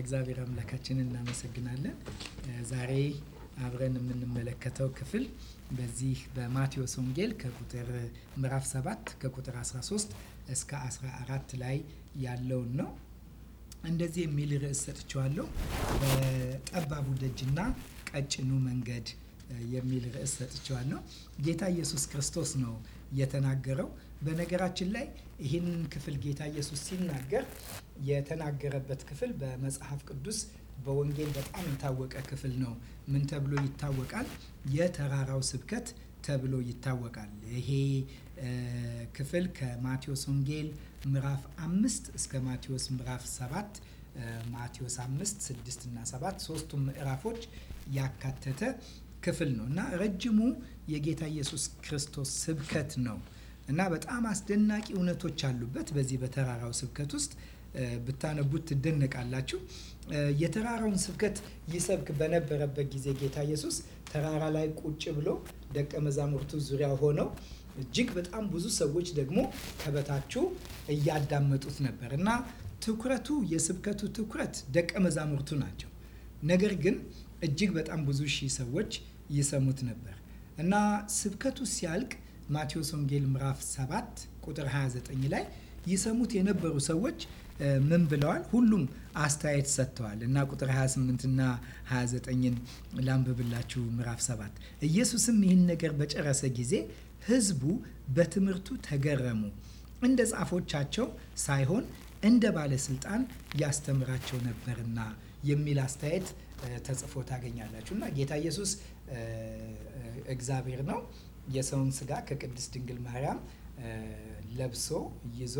እግዚአብሔር አምላካችንን እናመሰግናለን። ዛሬ አብረን የምንመለከተው ክፍል በዚህ በማቴዎስ ወንጌል ከቁጥር ምዕራፍ 7 ከቁጥር 13 እስከ 14 ላይ ያለውን ነው። እንደዚህ የሚል ርዕስ ሰጥቼዋለሁ። በጠባቡ ደጅና ቀጭኑ መንገድ የሚል ርዕስ ሰጥቼዋለሁ። ጌታ ኢየሱስ ክርስቶስ ነው የተናገረው በነገራችን ላይ ይህንን ክፍል ጌታ ኢየሱስ ሲናገር የተናገረበት ክፍል በመጽሐፍ ቅዱስ በወንጌል በጣም የታወቀ ክፍል ነው። ምን ተብሎ ይታወቃል? የተራራው ስብከት ተብሎ ይታወቃል። ይሄ ክፍል ከማቴዎስ ወንጌል ምዕራፍ አምስት እስከ ማቴዎስ ምዕራፍ ሰባት ማቴዎስ አምስት ስድስት እና ሰባት ሶስቱም ምዕራፎች ያካተተ ክፍል ነው እና ረጅሙ የጌታ ኢየሱስ ክርስቶስ ስብከት ነው። እና በጣም አስደናቂ እውነቶች አሉበት። በዚህ በተራራው ስብከት ውስጥ ብታነቡት ትደነቃላችሁ። የተራራውን ስብከት ይሰብክ በነበረበት ጊዜ ጌታ ኢየሱስ ተራራ ላይ ቁጭ ብሎ ደቀ መዛሙርቱ ዙሪያ ሆነው እጅግ በጣም ብዙ ሰዎች ደግሞ ከበታችሁ እያዳመጡት ነበር እና ትኩረቱ የስብከቱ ትኩረት ደቀ መዛሙርቱ ናቸው። ነገር ግን እጅግ በጣም ብዙ ሺህ ሰዎች ይሰሙት ነበር እና ስብከቱ ሲያልቅ ማቴዎስ ወንጌል ምዕራፍ 7 ቁጥር 29 ላይ ይሰሙት የነበሩ ሰዎች ምን ብለዋል? ሁሉም አስተያየት ሰጥተዋል እና ቁጥር 28 እና 29ን ላንብብላችሁ። ምዕራፍ 7 ኢየሱስም ይህን ነገር በጨረሰ ጊዜ ሕዝቡ በትምህርቱ ተገረሙ፣ እንደ ጻፎቻቸው ሳይሆን እንደ ባለስልጣን ያስተምራቸው ነበርና የሚል አስተያየት ተጽፎ ታገኛላችሁ። እና ጌታ ኢየሱስ እግዚአብሔር ነው የሰውን ስጋ ከቅድስት ድንግል ማርያም ለብሶ ይዞ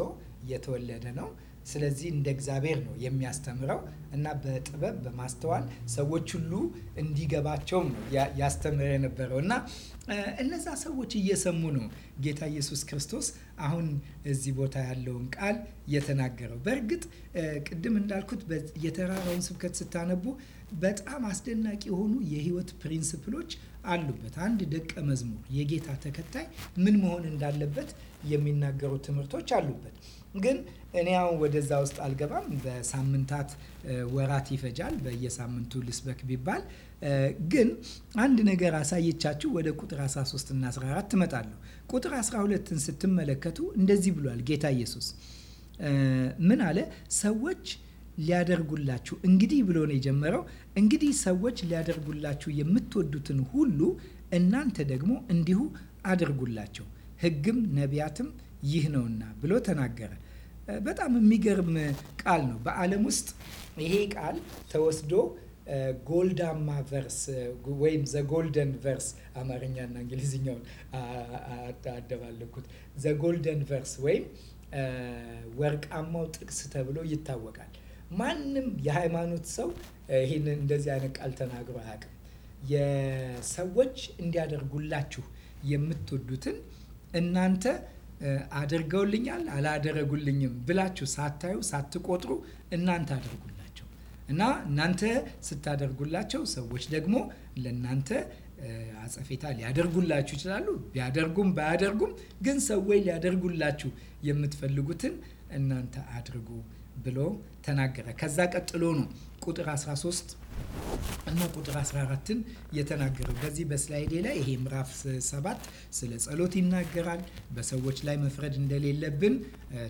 የተወለደ ነው። ስለዚህ እንደ እግዚአብሔር ነው የሚያስተምረው እና በጥበብ በማስተዋል ሰዎች ሁሉ እንዲገባቸውም ነው ያስተምረ የነበረው እና እነዛ ሰዎች እየሰሙ ነው ጌታ ኢየሱስ ክርስቶስ አሁን እዚህ ቦታ ያለውን ቃል የተናገረው። በእርግጥ ቅድም እንዳልኩት የተራራውን ስብከት ስታነቡ በጣም አስደናቂ የሆኑ የህይወት ፕሪንስፕሎች አሉበት። አንድ ደቀ መዝሙር የጌታ ተከታይ ምን መሆን እንዳለበት የሚናገሩ ትምህርቶች አሉበት። ግን እኔ አሁን ወደዛ ውስጥ አልገባም። በሳምንታት ወራት ይፈጃል፣ በየሳምንቱ ልስበክ ቢባል ግን አንድ ነገር አሳየቻችሁ ወደ ቁጥር 13 እና 14 ትመጣለሁ። ቁጥር 12ን ስትመለከቱ እንደዚህ ብሏል ጌታ ኢየሱስ ምን አለ ሰዎች ሊያደርጉላችሁ እንግዲህ ብሎ ነው የጀመረው። እንግዲህ ሰዎች ሊያደርጉላችሁ የምትወዱትን ሁሉ እናንተ ደግሞ እንዲሁ አድርጉላቸው፣ ሕግም ነቢያትም ይህ ነውና ብሎ ተናገረ። በጣም የሚገርም ቃል ነው። በዓለም ውስጥ ይሄ ቃል ተወስዶ ጎልዳማ ቨርስ ወይም ዘጎልደን ቨርስ አማርኛና እንግሊዝኛውን አደባለኩት። ዘጎልደን ቨርስ ወይም ወርቃማው ጥቅስ ተብሎ ይታወቃል። ማንም የሃይማኖት ሰው ይህንን እንደዚህ አይነት ቃል ተናግሮ አያውቅም። የሰዎች እንዲያደርጉላችሁ የምትወዱትን እናንተ አድርገውልኛል አላደረጉልኝም ብላችሁ ሳታዩ ሳትቆጥሩ እናንተ አድርጉላቸው እና እናንተ ስታደርጉላቸው ሰዎች ደግሞ ለእናንተ አጸፌታ ሊያደርጉላችሁ ይችላሉ። ቢያደርጉም ባያደርጉም ግን ሰዎች ሊያደርጉላችሁ የምትፈልጉትን እናንተ አድርጉ ብሎ ተናገረ። ከዛ ቀጥሎ ነው ቁጥር 13 እና ቁጥር 14ን የተናገረው። በዚህ በስላይዴ ላይ ይሄ ምዕራፍ 7 ስለ ጸሎት ይናገራል። በሰዎች ላይ መፍረድ እንደሌለብን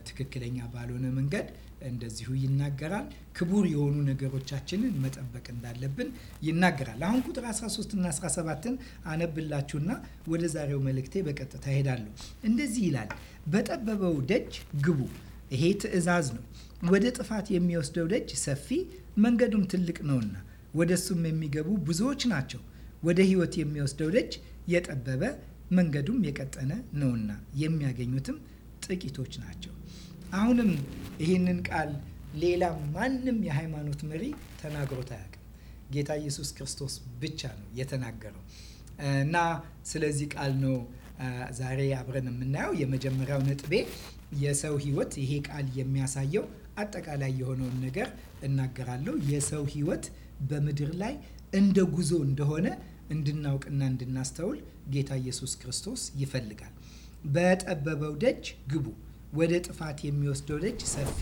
ትክክለኛ ባልሆነ መንገድ እንደዚሁ ይናገራል። ክቡር የሆኑ ነገሮቻችንን መጠበቅ እንዳለብን ይናገራል። አሁን ቁጥር 13 እና 17ን አነብላችሁና ወደ ዛሬው መልእክቴ በቀጥታ ይሄዳለሁ። እንደዚህ ይላል፣ በጠበበው ደጅ ግቡ። ይሄ ትዕዛዝ ነው። ወደ ጥፋት የሚወስደው ደጅ ሰፊ መንገዱም ትልቅ ነውና ወደ እሱም የሚገቡ ብዙዎች ናቸው። ወደ ሕይወት የሚወስደው ደጅ የጠበበ መንገዱም የቀጠነ ነውና የሚያገኙትም ጥቂቶች ናቸው። አሁንም ይህንን ቃል ሌላ ማንም የሃይማኖት መሪ ተናግሮት አያውቅም። ጌታ ኢየሱስ ክርስቶስ ብቻ ነው የተናገረው እና ስለዚህ ቃል ነው ዛሬ አብረን የምናየው የመጀመሪያው ነጥቤ የሰው ህይወት ይሄ ቃል የሚያሳየው አጠቃላይ የሆነውን ነገር እናገራለሁ። የሰው ህይወት በምድር ላይ እንደ ጉዞ እንደሆነ እንድናውቅና እንድናስተውል ጌታ ኢየሱስ ክርስቶስ ይፈልጋል። በጠበበው ደጅ ግቡ፣ ወደ ጥፋት የሚወስደው ደጅ ሰፊ፣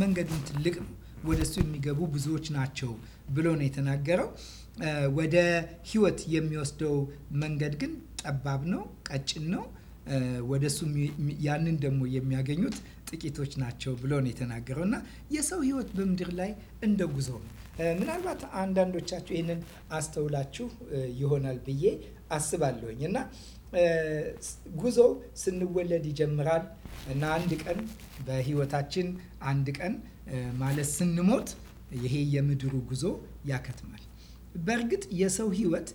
መንገዱን ትልቅ ነው፣ ወደ እሱ የሚገቡ ብዙዎች ናቸው ብሎ ነው የተናገረው። ወደ ህይወት የሚወስደው መንገድ ግን ጠባብ ነው፣ ቀጭን ነው። ወደ እሱ ያንን ደግሞ የሚያገኙት ጥቂቶች ናቸው ብሎ ነው የተናገረው እና የሰው ህይወት በምድር ላይ እንደ ጉዞ ነው። ምናልባት አንዳንዶቻችሁ ይህንን አስተውላችሁ ይሆናል ብዬ አስባለሁኝ እና ጉዞ ስንወለድ ይጀምራል እና አንድ ቀን በህይወታችን አንድ ቀን ማለት ስንሞት ይሄ የምድሩ ጉዞ ያከትማል። በእርግጥ የሰው ህይወት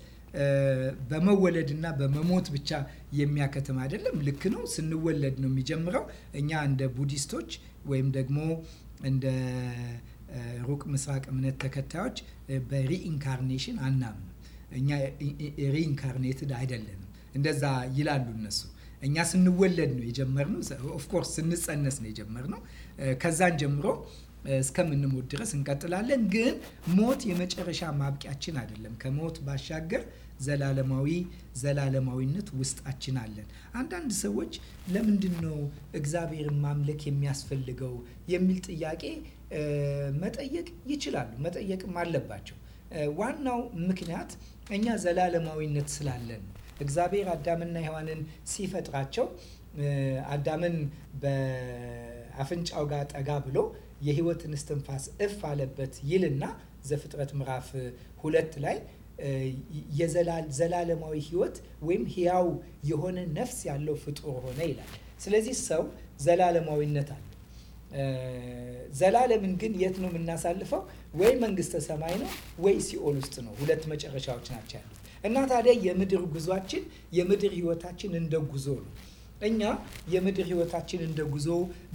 በመወለድና በመሞት ብቻ የሚያከትም አይደለም። ልክ ነው። ስንወለድ ነው የሚጀምረው። እኛ እንደ ቡዲስቶች ወይም ደግሞ እንደ ሩቅ ምስራቅ እምነት ተከታዮች በሪኢንካርኔሽን አናምንም። እኛ ሪኢንካርኔትድ አይደለንም። እንደዛ ይላሉ እነሱ። እኛ ስንወለድ ነው የጀመርነው። ኦፍኮርስ ስንጸነስ ነው የጀመርነው። ከዛን ጀምሮ እስከምንሞት ድረስ እንቀጥላለን። ግን ሞት የመጨረሻ ማብቂያችን አይደለም። ከሞት ባሻገር ዘላለማዊ ዘላለማዊነት ውስጣችን አለን። አንዳንድ ሰዎች ለምንድን ነው እግዚአብሔርን ማምለክ የሚያስፈልገው የሚል ጥያቄ መጠየቅ ይችላሉ፣ መጠየቅም አለባቸው። ዋናው ምክንያት እኛ ዘላለማዊነት ስላለን ነው። እግዚአብሔር አዳምና ሔዋንን ሲፈጥራቸው አዳምን በአፍንጫው ጋር ጠጋ ብሎ የህይወትን እስትንፋስ እፍ አለበት ይልና ዘፍጥረት ምዕራፍ ሁለት ላይ የዘላለማዊ ህይወት ወይም ህያው የሆነ ነፍስ ያለው ፍጡር ሆነ ይላል። ስለዚህ ሰው ዘላለማዊነት አለ። ዘላለምን ግን የት ነው የምናሳልፈው? ወይ መንግስተ ሰማይ ነው ወይ ሲኦል ውስጥ ነው። ሁለት መጨረሻዎች ናቸው ያሉት እና ታዲያ የምድር ጉዟችን የምድር ህይወታችን እንደ ጉዞ ነው። እኛ የምድር ህይወታችን እንደ ጉዞ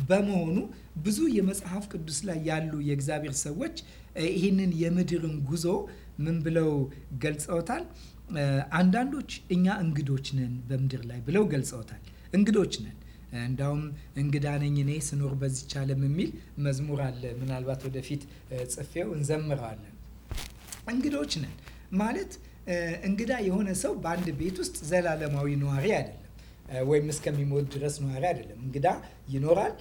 በመሆኑ ብዙ የመጽሐፍ ቅዱስ ላይ ያሉ የእግዚአብሔር ሰዎች ይህንን የምድርን ጉዞ ምን ብለው ገልጸውታል? አንዳንዶች እኛ እንግዶች ነን በምድር ላይ ብለው ገልጸውታል። እንግዶች ነን እንዳውም እንግዳ ነኝ እኔ ስኖር በዚች ዓለም የሚል መዝሙር አለ። ምናልባት ወደፊት ጽፌው እንዘምረዋለን። እንግዶች ነን ማለት እንግዳ የሆነ ሰው በአንድ ቤት ውስጥ ዘላለማዊ ነዋሪ አይደለም ወይም እስከሚሞት ድረስ ነዋሪ አይደለም። እንግዳ ይኖራል፣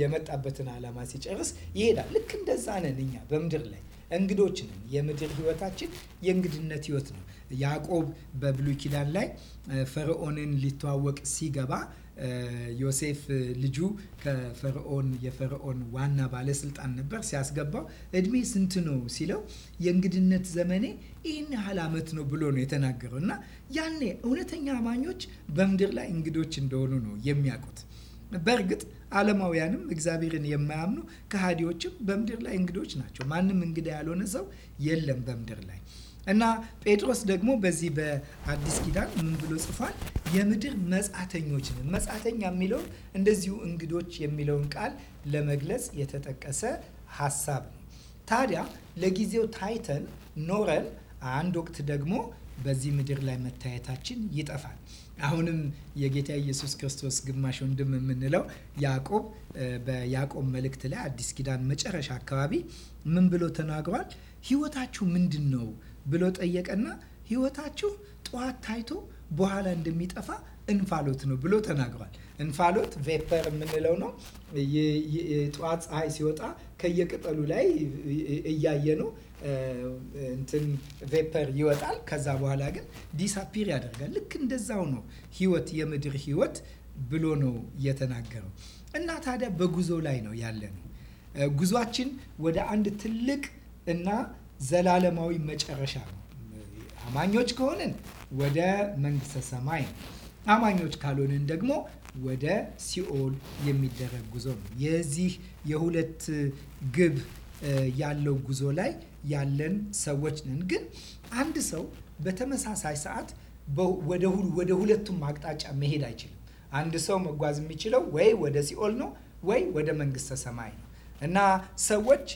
የመጣበትን ዓላማ ሲጨርስ ይሄዳል። ልክ እንደዛ ነን እኛ በምድር ላይ እንግዶች ነን። የምድር ህይወታችን የእንግድነት ህይወት ነው። ያዕቆብ በብሉይ ኪዳን ላይ ፈርዖንን ሊተዋወቅ ሲገባ ዮሴፍ ልጁ ከፈርዖን የፈርዖን ዋና ባለስልጣን ነበር። ሲያስገባው እድሜ ስንት ነው ሲለው የእንግድነት ዘመኔ ይህን ያህል ዓመት ነው ብሎ ነው የተናገረው እና ያኔ እውነተኛ አማኞች በምድር ላይ እንግዶች እንደሆኑ ነው የሚያውቁት። በእርግጥ ዓለማውያንም እግዚአብሔርን የማያምኑ ከሃዲዎችም በምድር ላይ እንግዶች ናቸው። ማንም እንግዳ ያልሆነ ሰው የለም በምድር ላይ እና ጴጥሮስ ደግሞ በዚህ በአዲስ ኪዳን ምን ብሎ ጽፏል? የምድር መጻተኞች ነን። መጻተኛ የሚለው እንደዚሁ እንግዶች የሚለውን ቃል ለመግለጽ የተጠቀሰ ሀሳብ ነው። ታዲያ ለጊዜው ታይተን ኖረን አንድ ወቅት ደግሞ በዚህ ምድር ላይ መታየታችን ይጠፋል። አሁንም የጌታ ኢየሱስ ክርስቶስ ግማሽ ወንድም የምንለው ያዕቆብ በያዕቆብ መልእክት ላይ አዲስ ኪዳን መጨረሻ አካባቢ ምን ብሎ ተናግሯል? ህይወታችሁ ምንድን ነው ብሎ ጠየቀና ህይወታችሁ ጠዋት ታይቶ በኋላ እንደሚጠፋ እንፋሎት ነው ብሎ ተናግሯል። እንፋሎት ቬፐር የምንለው ነው። ጠዋት ፀሐይ ሲወጣ ከየቅጠሉ ላይ እያየ ነው እንትን ቬፐር ይወጣል። ከዛ በኋላ ግን ዲሳፒር ያደርጋል። ልክ እንደዛው ነው ህይወት፣ የምድር ህይወት ብሎ ነው የተናገረው። እና ታዲያ በጉዞ ላይ ነው ያለ ነው። ጉዟችን ወደ አንድ ትልቅ እና ዘላለማዊ መጨረሻ ነው። አማኞች ከሆንን ወደ መንግስተ ሰማይ ነው። አማኞች ካልሆንን ደግሞ ወደ ሲኦል የሚደረግ ጉዞ ነው። የዚህ የሁለት ግብ ያለው ጉዞ ላይ ያለን ሰዎች ነን። ግን አንድ ሰው በተመሳሳይ ሰዓት ወደ ሁለቱም አቅጣጫ መሄድ አይችልም። አንድ ሰው መጓዝ የሚችለው ወይ ወደ ሲኦል ነው ወይ ወደ መንግስተ ሰማይ ነው እና ሰዎች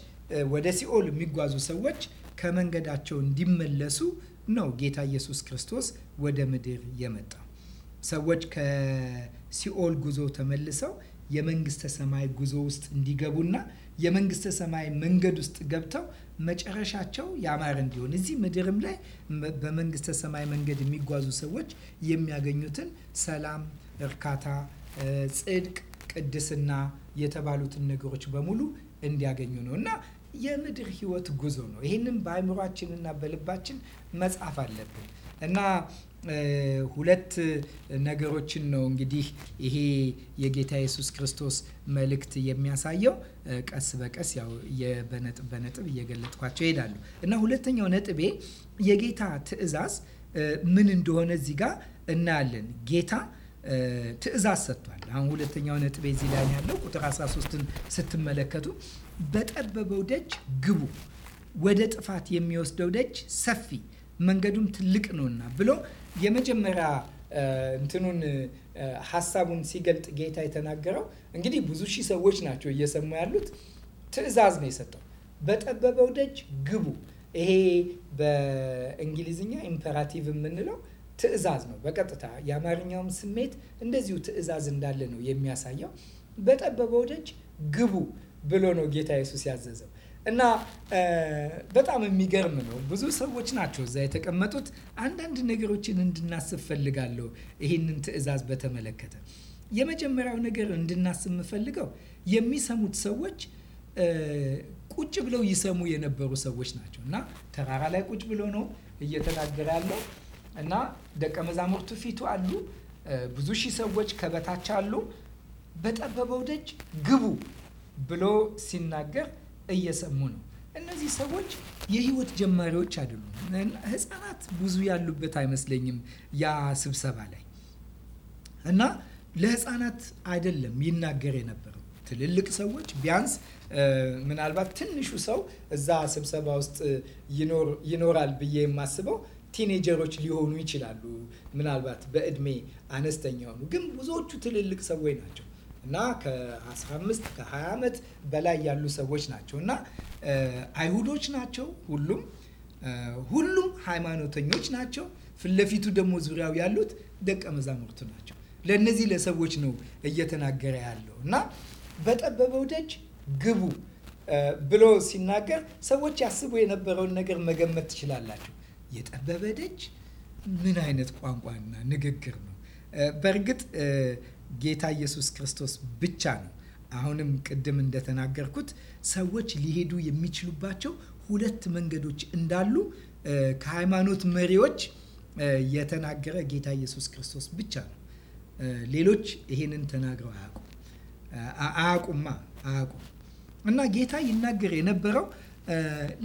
ወደ ሲኦል የሚጓዙ ሰዎች ከመንገዳቸው እንዲመለሱ ነው ጌታ ኢየሱስ ክርስቶስ ወደ ምድር የመጣው። ሰዎች ከሲኦል ጉዞ ተመልሰው የመንግስተ ሰማይ ጉዞ ውስጥ እንዲገቡና የመንግስተ ሰማይ መንገድ ውስጥ ገብተው መጨረሻቸው ያማረ እንዲሆን እዚህ ምድርም ላይ በመንግስተ ሰማይ መንገድ የሚጓዙ ሰዎች የሚያገኙትን ሰላም፣ እርካታ፣ ጽድቅ፣ ቅድስና የተባሉትን ነገሮች በሙሉ እንዲያገኙ ነው እና የምድር ህይወት ጉዞ ነው። ይህንም በአእምሯችንና በልባችን መጻፍ አለብን እና ሁለት ነገሮችን ነው እንግዲህ ይሄ የጌታ ኢየሱስ ክርስቶስ መልእክት የሚያሳየው። ቀስ በቀስ ያው በነጥብ በነጥብ እየገለጥኳቸው ይሄዳሉ እና ሁለተኛው ነጥቤ የጌታ ትእዛዝ ምን እንደሆነ እዚህ ጋር እናያለን። ጌታ ትእዛዝ ሰጥቷል። አሁን ሁለተኛው ነጥቤ እዚህ ላይ ያለው ቁጥር 13ን ስትመለከቱ በጠበበው ደጅ ግቡ፣ ወደ ጥፋት የሚወስደው ደጅ ሰፊ መንገዱም ትልቅ ነውና ብሎ የመጀመሪያ እንትኑን ሀሳቡን ሲገልጥ ጌታ የተናገረው እንግዲህ ብዙ ሺህ ሰዎች ናቸው እየሰሙ ያሉት። ትዕዛዝ ነው የሰጠው፣ በጠበበው ደጅ ግቡ። ይሄ በእንግሊዝኛ ኢምፐራቲቭ የምንለው ትዕዛዝ ነው። በቀጥታ የአማርኛውም ስሜት እንደዚሁ ትዕዛዝ እንዳለ ነው የሚያሳየው። በጠበበው ደጅ ግቡ ብሎ ነው ጌታ የሱስ ያዘዘው። እና በጣም የሚገርም ነው። ብዙ ሰዎች ናቸው እዛ የተቀመጡት። አንዳንድ ነገሮችን እንድናስብ ፈልጋለሁ ይህንን ትዕዛዝ በተመለከተ የመጀመሪያው ነገር እንድናስብ የምፈልገው የሚሰሙት ሰዎች ቁጭ ብለው ይሰሙ የነበሩ ሰዎች ናቸው እና ተራራ ላይ ቁጭ ብሎ ነው እየተናገረ ያለው እና ደቀ መዛሙርቱ ፊቱ አሉ። ብዙ ሺህ ሰዎች ከበታች አሉ። በጠበበው ደጅ ግቡ ብሎ ሲናገር እየሰሙ ነው። እነዚህ ሰዎች የህይወት ጀማሪዎች አይደሉም። ህፃናት ብዙ ያሉበት አይመስለኝም ያ ስብሰባ ላይ እና ለህፃናት አይደለም ይናገር የነበረው ትልልቅ ሰዎች ቢያንስ ምናልባት ትንሹ ሰው እዛ ስብሰባ ውስጥ ይኖራል ብዬ የማስበው ቲኔጀሮች ሊሆኑ ይችላሉ። ምናልባት በእድሜ አነስተኛ ሆኑ፣ ግን ብዙዎቹ ትልልቅ ሰዎች ናቸው። እና ከ15 ከ20 ዓመት በላይ ያሉ ሰዎች ናቸው እና አይሁዶች ናቸው ሁሉም ሁሉም ሃይማኖተኞች ናቸው። ፊት ለፊቱ ደግሞ ዙሪያው ያሉት ደቀ መዛሙርቱ ናቸው። ለእነዚህ ለሰዎች ነው እየተናገረ ያለው እና በጠበበው ደጅ ግቡ ብሎ ሲናገር ሰዎች ያስቡ የነበረውን ነገር መገመት ትችላላችሁ። የጠበበ ደጅ ምን አይነት ቋንቋና ንግግር ነው? በእርግጥ ጌታ ኢየሱስ ክርስቶስ ብቻ ነው። አሁንም ቅድም እንደተናገርኩት ሰዎች ሊሄዱ የሚችሉባቸው ሁለት መንገዶች እንዳሉ ከሃይማኖት መሪዎች የተናገረ ጌታ ኢየሱስ ክርስቶስ ብቻ ነው። ሌሎች ይሄንን ተናግረው አያውቁም አያውቁማ አያውቁም። እና ጌታ ይናገር የነበረው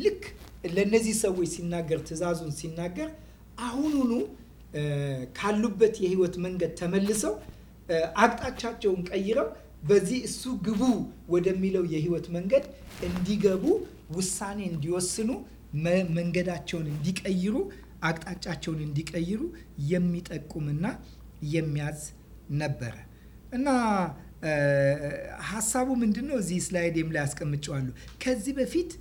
ልክ ለእነዚህ ሰዎች ሲናገር፣ ትእዛዙን ሲናገር አሁኑኑ ካሉበት የህይወት መንገድ ተመልሰው አቅጣጫቸውን ቀይረው በዚህ እሱ ግቡ ወደሚለው የህይወት መንገድ እንዲገቡ ውሳኔ እንዲወስኑ መንገዳቸውን እንዲቀይሩ አቅጣጫቸውን እንዲቀይሩ የሚጠቁምና የሚያዝ ነበረ እና ሀሳቡ ምንድን ነው? እዚህ ስላይዴም ላይ አስቀምጨዋለሁ። ከዚህ በፊት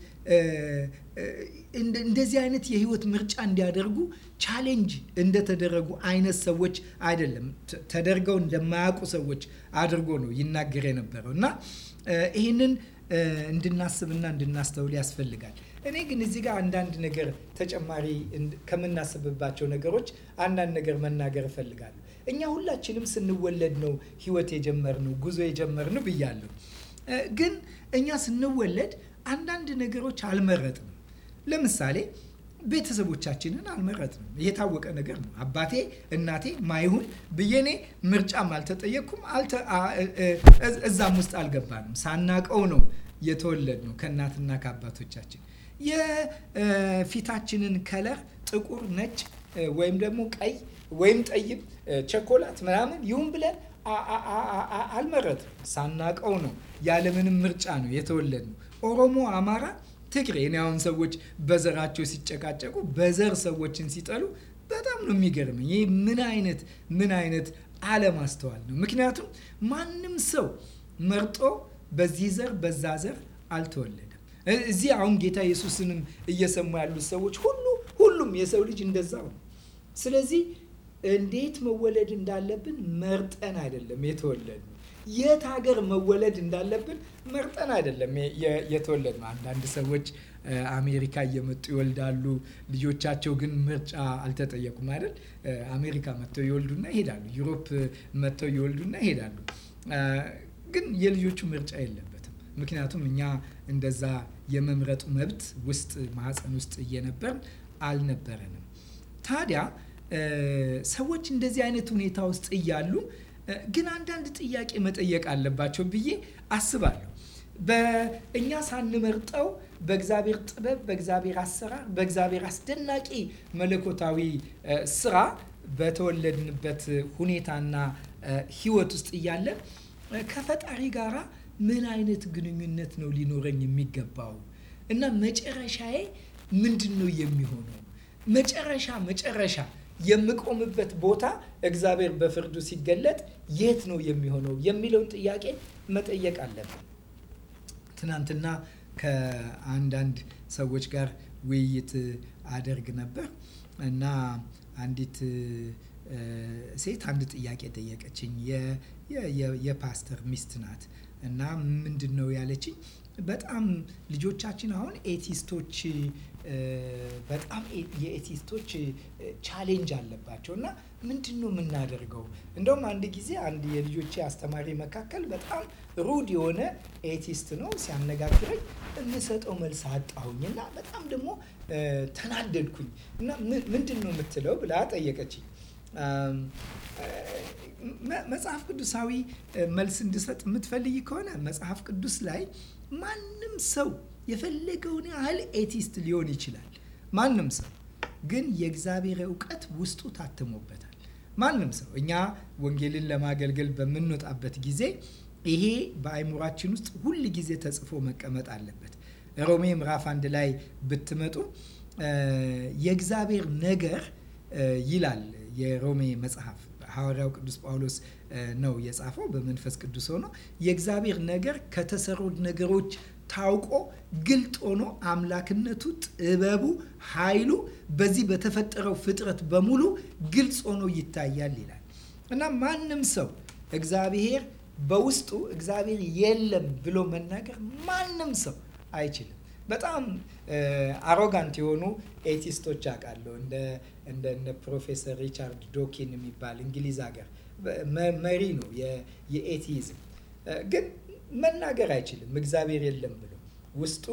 እንደዚህ አይነት የህይወት ምርጫ እንዲያደርጉ ቻሌንጅ እንደተደረጉ አይነት ሰዎች አይደለም፣ ተደርገው እንደማያውቁ ሰዎች አድርጎ ነው ይናገር የነበረው እና ይህንን እንድናስብና እንድናስተውል ያስፈልጋል። እኔ ግን እዚህ ጋር አንዳንድ ነገር ተጨማሪ ከምናስብባቸው ነገሮች አንዳንድ ነገር መናገር እፈልጋለሁ። እኛ ሁላችንም ስንወለድ ነው ህይወት የጀመርነው ጉዞ የጀመርነው ብያለሁ። ግን እኛ ስንወለድ አንዳንድ ነገሮች አልመረጥም። ለምሳሌ ቤተሰቦቻችንን አልመረጥንም። የታወቀ ነገር ነው። አባቴ እናቴ ማይሁን ብዬኔ ምርጫም አልተጠየቅኩም። እዛም ውስጥ አልገባንም። ሳናቀው ነው የተወለድ ነው ከእናትና ከአባቶቻችን የፊታችንን ከለር ጥቁር፣ ነጭ ወይም ደግሞ ቀይ ወይም ጠይም ቸኮላት ምናምን ይሁን ብለን አልመረጥም። ሳናቀው ነው ያለምንም ምርጫ ነው የተወለድ ነው። ኦሮሞ፣ አማራ፣ ትግሬ እኔ አሁን ሰዎች በዘራቸው ሲጨቃጨቁ በዘር ሰዎችን ሲጠሉ በጣም ነው የሚገርመኝ። ይህ ምን አይነት ምን አይነት አለማስተዋል ነው? ምክንያቱም ማንም ሰው መርጦ በዚህ ዘር በዛ ዘር አልተወለደም። እዚህ አሁን ጌታ ኢየሱስንም እየሰሙ ያሉት ሰዎች ሁሉ ሁሉም የሰው ልጅ እንደዛው ነው። ስለዚህ እንዴት መወለድ እንዳለብን መርጠን አይደለም የተወለድ የት ሀገር መወለድ እንዳለብን መርጠን አይደለም የተወለድ ነው። አንዳንድ ሰዎች አሜሪካ እየመጡ ይወልዳሉ። ልጆቻቸው ግን ምርጫ አልተጠየቁም አይደል? አሜሪካ መጥተው ይወልዱና ይሄዳሉ። ዩሮፕ መጥተው ይወልዱና ይሄዳሉ። ግን የልጆቹ ምርጫ የለበትም። ምክንያቱም እኛ እንደዛ የመምረጡ መብት ውስጥ ማህፀን ውስጥ እየነበርን አልነበረንም። ታዲያ ሰዎች እንደዚህ አይነት ሁኔታ ውስጥ እያሉ ግን አንዳንድ ጥያቄ መጠየቅ አለባቸው ብዬ አስባለሁ። በእኛ ሳንመርጠው በእግዚአብሔር ጥበብ፣ በእግዚአብሔር አሰራር፣ በእግዚአብሔር አስደናቂ መለኮታዊ ስራ በተወለድንበት ሁኔታና ህይወት ውስጥ እያለ ከፈጣሪ ጋራ ምን አይነት ግንኙነት ነው ሊኖረኝ የሚገባው እና መጨረሻዬ ምንድን ነው የሚሆነው መጨረሻ መጨረሻ የምቆምበት ቦታ እግዚአብሔር በፍርዱ ሲገለጥ የት ነው የሚሆነው የሚለውን ጥያቄ መጠየቅ አለብን። ትናንትና ከአንዳንድ ሰዎች ጋር ውይይት አደርግ ነበር እና አንዲት ሴት አንድ ጥያቄ ጠየቀችኝ። የፓስተር ሚስት ናት እና ምንድን ነው ያለችኝ? በጣም ልጆቻችን አሁን ኤቲስቶች በጣም የኤቲስቶች ቻሌንጅ አለባቸው እና ምንድን ነው የምናደርገው? እንደውም አንድ ጊዜ አንድ የልጆቼ አስተማሪ መካከል በጣም ሩድ የሆነ ኤቲስት ነው ሲያነጋግረኝ የምሰጠው መልስ አጣሁኝ እና በጣም ደግሞ ተናደድኩኝ እና ምንድን ነው የምትለው ብላ ጠየቀችኝ። መጽሐፍ ቅዱሳዊ መልስ እንድሰጥ የምትፈልጊ ከሆነ መጽሐፍ ቅዱስ ላይ ማንም ሰው የፈለገውን ያህል ኤቲስት ሊሆን ይችላል ማንም ሰው ግን የእግዚአብሔር እውቀት ውስጡ ታትሞበታል። ማንም ሰው እኛ ወንጌልን ለማገልገል በምንወጣበት ጊዜ ይሄ በአይምሯችን ውስጥ ሁል ጊዜ ተጽፎ መቀመጥ አለበት። ሮሜ ምዕራፍ አንድ ላይ ብትመጡ የእግዚአብሔር ነገር ይላል የሮሜ መጽሐፍ ሐዋርያው ቅዱስ ጳውሎስ ነው የጻፈው በመንፈስ ቅዱስ ሆኖ የእግዚአብሔር ነገር ከተሰሩ ነገሮች ታውቆ ግልጥ ሆኖ አምላክነቱ፣ ጥበቡ፣ ኃይሉ በዚህ በተፈጠረው ፍጥረት በሙሉ ግልጽ ሆኖ ይታያል ይላል እና ማንም ሰው እግዚአብሔር በውስጡ እግዚአብሔር የለም ብሎ መናገር ማንም ሰው አይችልም። በጣም አሮጋንት የሆኑ ኤቲስቶች አውቃለሁ። እንደ ፕሮፌሰር ሪቻርድ ዶኪን የሚባል እንግሊዝ ሀገር መሪ ነው የኤቲዝም ግን መናገር አይችልም። እግዚአብሔር የለም ብሎ ውስጡ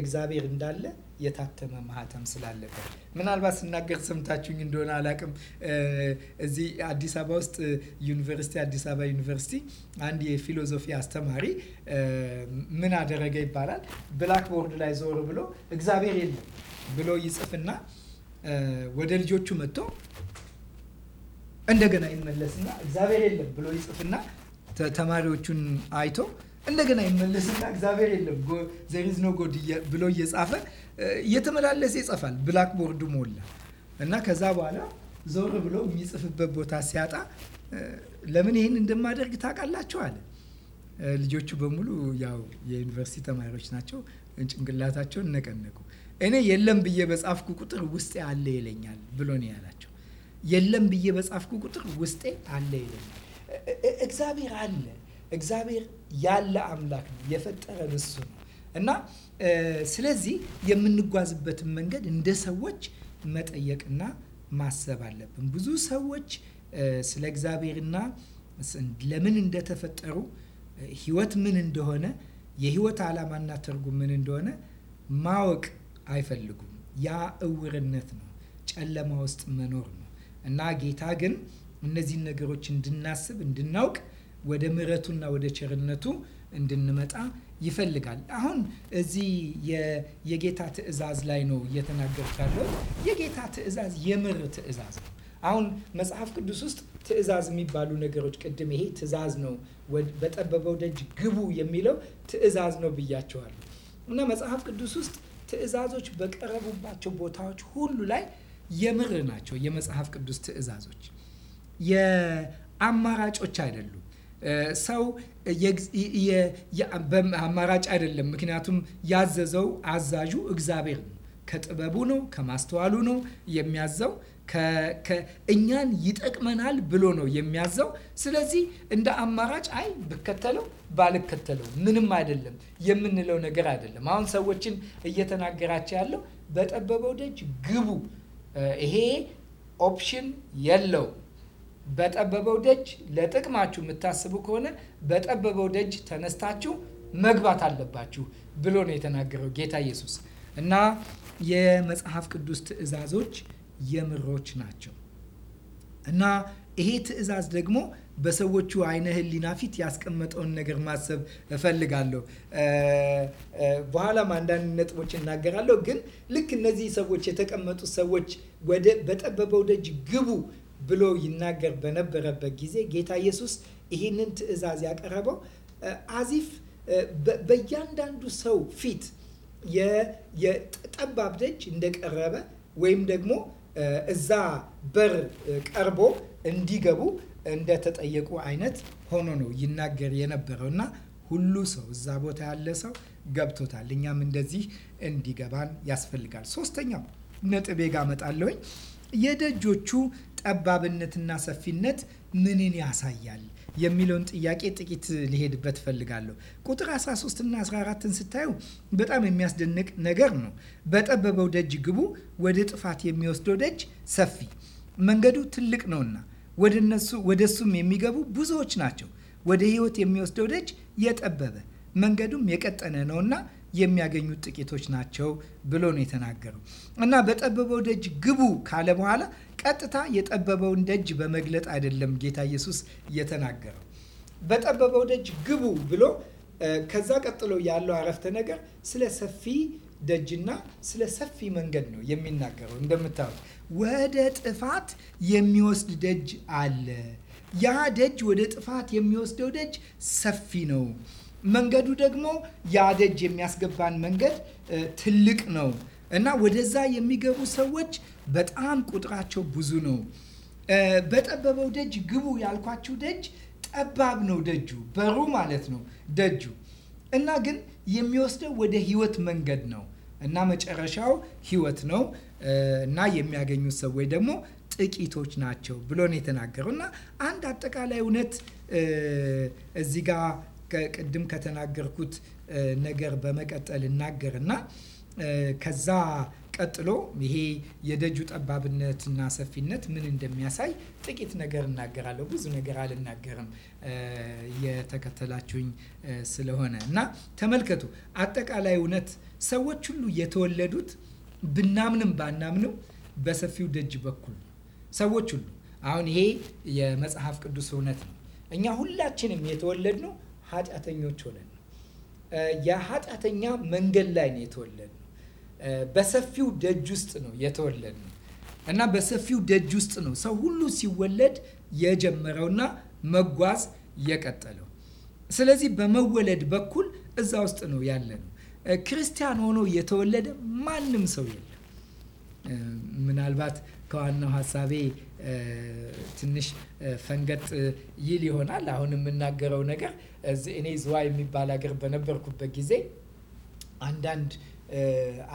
እግዚአብሔር እንዳለ የታተመ ማህተም ስላለበት ምናልባት ስናገር ሰምታችሁኝ እንደሆነ አላቅም። እዚህ አዲስ አበባ ውስጥ ዩኒቨርሲቲ አዲስ አበባ ዩኒቨርሲቲ አንድ የፊሎዞፊ አስተማሪ ምን አደረገ ይባላል ብላክቦርድ ላይ ዞር ብሎ እግዚአብሔር የለም ብሎ ይጽፍና ወደ ልጆቹ መጥቶ እንደገና ይመለስና እግዚአብሔር የለም ብሎ ይጽፍና ተማሪዎቹን አይቶ እንደገና ይመለስና እግዚአብሔር የለም ዘሪዝ ኖ ጎድ ብሎ እየጻፈ እየተመላለሰ ይጽፋል። ብላክቦርዱ ሞላ እና ከዛ በኋላ ዞር ብሎ የሚጽፍበት ቦታ ሲያጣ ለምን ይህን እንደማደርግ ታውቃላችሁ አለ። ልጆቹ በሙሉ ያው የዩኒቨርሲቲ ተማሪዎች ናቸው። ጭንቅላታቸውን ነቀነቁ። እኔ የለም ብዬ በጻፍኩ ቁጥር ውስጤ አለ ይለኛል ብሎ ነው ያላቸው። የለም ብዬ በጻፍኩ ቁጥር ውስጤ አለ ይለኛል እግዚአብሔር አለ። እግዚአብሔር ያለ አምላክ ነው። የፈጠረን እሱ ነው እና ስለዚህ የምንጓዝበትን መንገድ እንደ ሰዎች መጠየቅና ማሰብ አለብን። ብዙ ሰዎች ስለ እግዚአብሔርና ለምን እንደተፈጠሩ ህይወት ምን እንደሆነ የህይወት ዓላማና ትርጉም ምን እንደሆነ ማወቅ አይፈልጉም። ያ እውርነት ነው፣ ጨለማ ውስጥ መኖር ነው እና ጌታ ግን እነዚህን ነገሮች እንድናስብ፣ እንድናውቅ፣ ወደ ምሕረቱና ወደ ቸርነቱ እንድንመጣ ይፈልጋል። አሁን እዚህ የጌታ ትእዛዝ ላይ ነው እየተናገርኩ ያለው። የጌታ ትእዛዝ የምር ትእዛዝ ነው። አሁን መጽሐፍ ቅዱስ ውስጥ ትእዛዝ የሚባሉ ነገሮች ቅድም ይሄ ትእዛዝ ነው፣ በጠበበው ደጅ ግቡ የሚለው ትእዛዝ ነው ብያቸዋል። እና መጽሐፍ ቅዱስ ውስጥ ትእዛዞች በቀረቡባቸው ቦታዎች ሁሉ ላይ የምር ናቸው የመጽሐፍ ቅዱስ ትእዛዞች የአማራጮች አይደሉም። ሰው አማራጭ አይደለም። ምክንያቱም ያዘዘው አዛዡ እግዚአብሔር ነው። ከጥበቡ ነው፣ ከማስተዋሉ ነው የሚያዘው። እኛን ይጠቅመናል ብሎ ነው የሚያዘው። ስለዚህ እንደ አማራጭ አይ ብከተለው ባልከተለው ምንም አይደለም የምንለው ነገር አይደለም። አሁን ሰዎችን እየተናገራቸው ያለው በጠበበው ደጅ ግቡ፣ ይሄ ኦፕሽን የለው በጠበበው ደጅ ለጥቅማችሁ የምታስቡ ከሆነ በጠበበው ደጅ ተነስታችሁ መግባት አለባችሁ ብሎ ነው የተናገረው ጌታ ኢየሱስ። እና የመጽሐፍ ቅዱስ ትዕዛዞች የምሮች ናቸው እና ይሄ ትዕዛዝ ደግሞ በሰዎቹ አይነ ህሊና ፊት ያስቀመጠውን ነገር ማሰብ እፈልጋለሁ። በኋላም አንዳንድ ነጥቦች እናገራለሁ። ግን ልክ እነዚህ ሰዎች የተቀመጡት ሰዎች ወደ በጠበበው ደጅ ግቡ ብሎ ይናገር በነበረበት ጊዜ ጌታ ኢየሱስ ይህንን ትእዛዝ ያቀረበው አዚፍ በእያንዳንዱ ሰው ፊት የጠባብ ደጅ እንደቀረበ ወይም ደግሞ እዛ በር ቀርቦ እንዲገቡ እንደተጠየቁ አይነት ሆኖ ነው ይናገር የነበረው እና ሁሉ ሰው እዛ ቦታ ያለ ሰው ገብቶታል። እኛም እንደዚህ እንዲገባን ያስፈልጋል። ሶስተኛው ነጥቤ ጋ የደጆቹ ጠባብነትና ሰፊነት ምንን ያሳያል የሚለውን ጥያቄ ጥቂት ሊሄድበት እፈልጋለሁ። ቁጥር 13 እና 14ን ስታዩ በጣም የሚያስደንቅ ነገር ነው። በጠበበው ደጅ ግቡ፣ ወደ ጥፋት የሚወስደው ደጅ ሰፊ መንገዱ ትልቅ ነውና ወደ እነሱ ወደ እሱም የሚገቡ ብዙዎች ናቸው። ወደ ህይወት የሚወስደው ደጅ የጠበበ መንገዱም የቀጠነ ነውና የሚያገኙት ጥቂቶች ናቸው ብሎ ነው የተናገረው እና በጠበበው ደጅ ግቡ ካለ በኋላ ቀጥታ የጠበበውን ደጅ በመግለጥ አይደለም ጌታ ኢየሱስ የተናገረው። በጠበበው ደጅ ግቡ ብሎ ከዛ ቀጥሎ ያለው አረፍተ ነገር ስለ ሰፊ ደጅና ስለ ሰፊ መንገድ ነው የሚናገረው። እንደምታዩት ወደ ጥፋት የሚወስድ ደጅ አለ። ያ ደጅ ወደ ጥፋት የሚወስደው ደጅ ሰፊ ነው። መንገዱ ደግሞ ያ ደጅ የሚያስገባን መንገድ ትልቅ ነው እና ወደዛ የሚገቡ ሰዎች በጣም ቁጥራቸው ብዙ ነው። በጠበበው ደጅ ግቡ ያልኳችሁ ደጅ ጠባብ ነው ደጁ፣ በሩ ማለት ነው ደጁ እና ግን የሚወስደው ወደ ህይወት መንገድ ነው እና መጨረሻው ህይወት ነው እና የሚያገኙት ሰዎች ደግሞ ጥቂቶች ናቸው ብሎ ነው የተናገረው። እና አንድ አጠቃላይ እውነት እዚህ ጋ ቅድም ከተናገርኩት ነገር በመቀጠል እናገርና ከዛ ቀጥሎ ይሄ የደጁ ጠባብነትና ሰፊነት ምን እንደሚያሳይ ጥቂት ነገር እናገራለሁ። ብዙ ነገር አልናገርም የተከተላችሁኝ ስለሆነ እና ተመልከቱ። አጠቃላይ እውነት ሰዎች ሁሉ የተወለዱት ብናምንም ባናምንም በሰፊው ደጅ በኩል ነው። ሰዎች ሁሉ አሁን ይሄ የመጽሐፍ ቅዱስ እውነት ነው። እኛ ሁላችንም የተወለድነው ኃጢአተኞች ሆነን ነው። የኃጢአተኛ መንገድ ላይ ነው የተወለድነው በሰፊው ደጅ ውስጥ ነው የተወለድ ነው እና በሰፊው ደጅ ውስጥ ነው ሰው ሁሉ ሲወለድ የጀመረውና መጓዝ የቀጠለው። ስለዚህ በመወለድ በኩል እዛ ውስጥ ነው ያለ ነው። ክርስቲያን ሆኖ የተወለደ ማንም ሰው የለም። ምናልባት ከዋናው ሀሳቤ ትንሽ ፈንገጥ ይል ይሆናል። አሁን የምናገረው ነገር እኔ ዝዋ የሚባል ሀገር በነበርኩበት ጊዜ አንዳንድ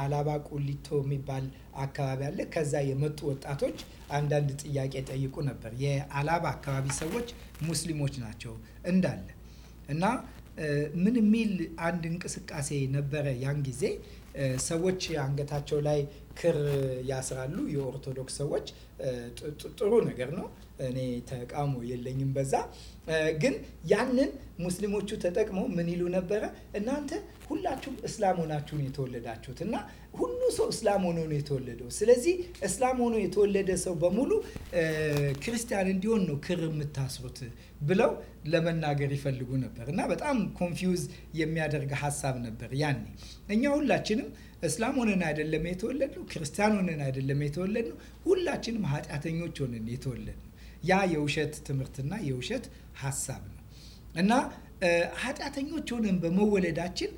አላባ ቁሊቶ የሚባል አካባቢ አለ። ከዛ የመጡ ወጣቶች አንዳንድ ጥያቄ ጠይቁ ነበር። የአላባ አካባቢ ሰዎች ሙስሊሞች ናቸው እንዳለ እና ምን የሚል አንድ እንቅስቃሴ ነበረ ያን ጊዜ ሰዎች አንገታቸው ላይ ክር ያስራሉ። የኦርቶዶክስ ሰዎች ጥሩ ነገር ነው። እኔ ተቃውሞ የለኝም በዛ። ግን ያንን ሙስሊሞቹ ተጠቅመው ምን ይሉ ነበረ? እናንተ ሁላችሁም እስላም ሆናችሁ ነው የተወለዳችሁት እና ሁሉ ሰው እስላም ሆኖ ነው የተወለደው። ስለዚህ እስላም ሆኖ የተወለደ ሰው በሙሉ ክርስቲያን እንዲሆን ነው ክር የምታስሩት ብለው ለመናገር ይፈልጉ ነበር እና በጣም ኮንፊውዝ የሚያደርግ ሀሳብ ነበር ያኔ። እኛ ሁላችንም እስላም ሆነን አይደለም የተወለድነው፣ ክርስቲያን ሆነን አይደለም የተወለድነው፣ ሁላችንም ኃጢአተኞች ሆነን የተወለድነው ያ የውሸት ትምህርትና የውሸት ሀሳብ ነው እና ኃጢአተኞች ሆነን በመወለዳችን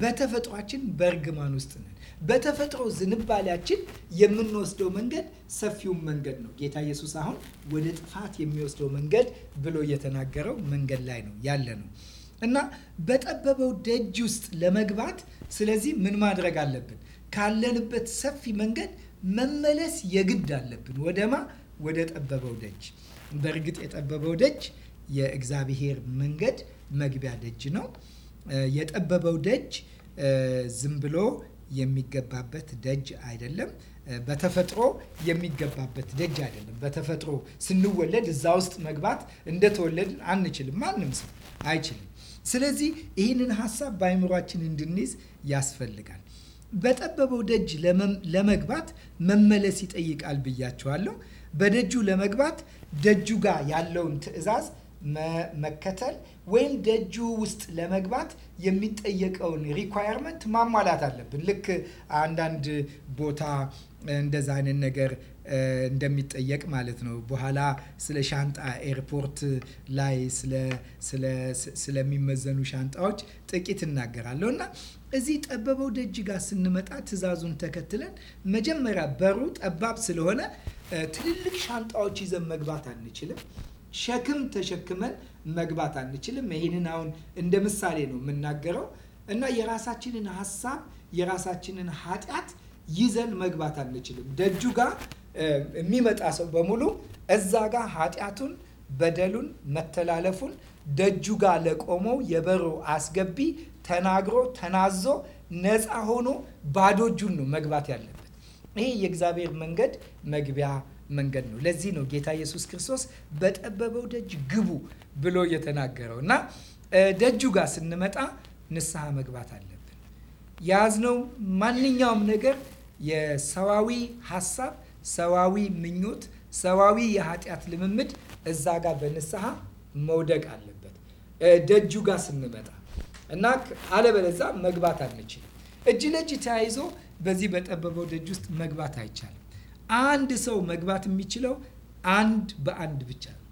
በተፈጥሯችን በእርግማን ውስጥ ነን። በተፈጥሮ ዝንባሌያችን የምንወስደው መንገድ ሰፊውን መንገድ ነው። ጌታ ኢየሱስ አሁን ወደ ጥፋት የሚወስደው መንገድ ብሎ የተናገረው መንገድ ላይ ነው ያለ ነው እና በጠበበው ደጅ ውስጥ ለመግባት ስለዚህ ምን ማድረግ አለብን? ካለንበት ሰፊ መንገድ መመለስ የግድ አለብን። ወደማ ወደ ጠበበው ደጅ በእርግጥ የጠበበው ደጅ የእግዚአብሔር መንገድ መግቢያ ደጅ ነው። የጠበበው ደጅ ዝም ብሎ የሚገባበት ደጅ አይደለም። በተፈጥሮ የሚገባበት ደጅ አይደለም። በተፈጥሮ ስንወለድ እዛ ውስጥ መግባት እንደተወለድን አንችልም። ማንም ሰው አይችልም። ስለዚህ ይህንን ሀሳብ በአይምሯችን እንድንይዝ ያስፈልጋል። በጠበበው ደጅ ለመግባት መመለስ ይጠይቃል ብያችኋለሁ። በደጁ ለመግባት ደጁ ጋር ያለውን ትዕዛዝ መከተል ወይም ደጁ ውስጥ ለመግባት የሚጠየቀውን ሪኳየርመንት ማሟላት አለብን። ልክ አንዳንድ ቦታ እንደዛ አይነት ነገር እንደሚጠየቅ ማለት ነው። በኋላ ስለ ሻንጣ ኤርፖርት ላይ ስለሚመዘኑ ሻንጣዎች ጥቂት እናገራለሁ እና እዚህ ጠበበው ደጅ ጋር ስንመጣ ትዕዛዙን ተከትለን መጀመሪያ በሩ ጠባብ ስለሆነ ትልልቅ ሻንጣዎች ይዘን መግባት አንችልም። ሸክም ተሸክመን መግባት አንችልም። ይህንን አሁን እንደ ምሳሌ ነው የምናገረው እና የራሳችንን ሀሳብ የራሳችንን ኃጢአት ይዘን መግባት አንችልም። ደጁ ጋር የሚመጣ ሰው በሙሉ እዛ ጋር ኃጢአቱን፣ በደሉን፣ መተላለፉን ደጁ ጋር ለቆመው የበሩ አስገቢ ተናግሮ ተናዞ ነፃ ሆኖ ባዶ እጁን ነው መግባት ያለን ይሄ የእግዚአብሔር መንገድ መግቢያ መንገድ ነው። ለዚህ ነው ጌታ ኢየሱስ ክርስቶስ በጠበበው ደጅ ግቡ ብሎ የተናገረው እና ደጁ ጋር ስንመጣ ንስሐ መግባት አለብን። የያዝነው ማንኛውም ነገር የሰዋዊ ሀሳብ፣ ሰዋዊ ምኞት፣ ሰዋዊ የኃጢአት ልምምድ እዛ ጋር በንስሐ መውደቅ አለበት ደጁ ጋር ስንመጣ እና አለበለዛ መግባት አንችልም። እጅ ለእጅ ተያይዞ በዚህ በጠበበው ደጅ ውስጥ መግባት አይቻልም። አንድ ሰው መግባት የሚችለው አንድ በአንድ ብቻ ነው።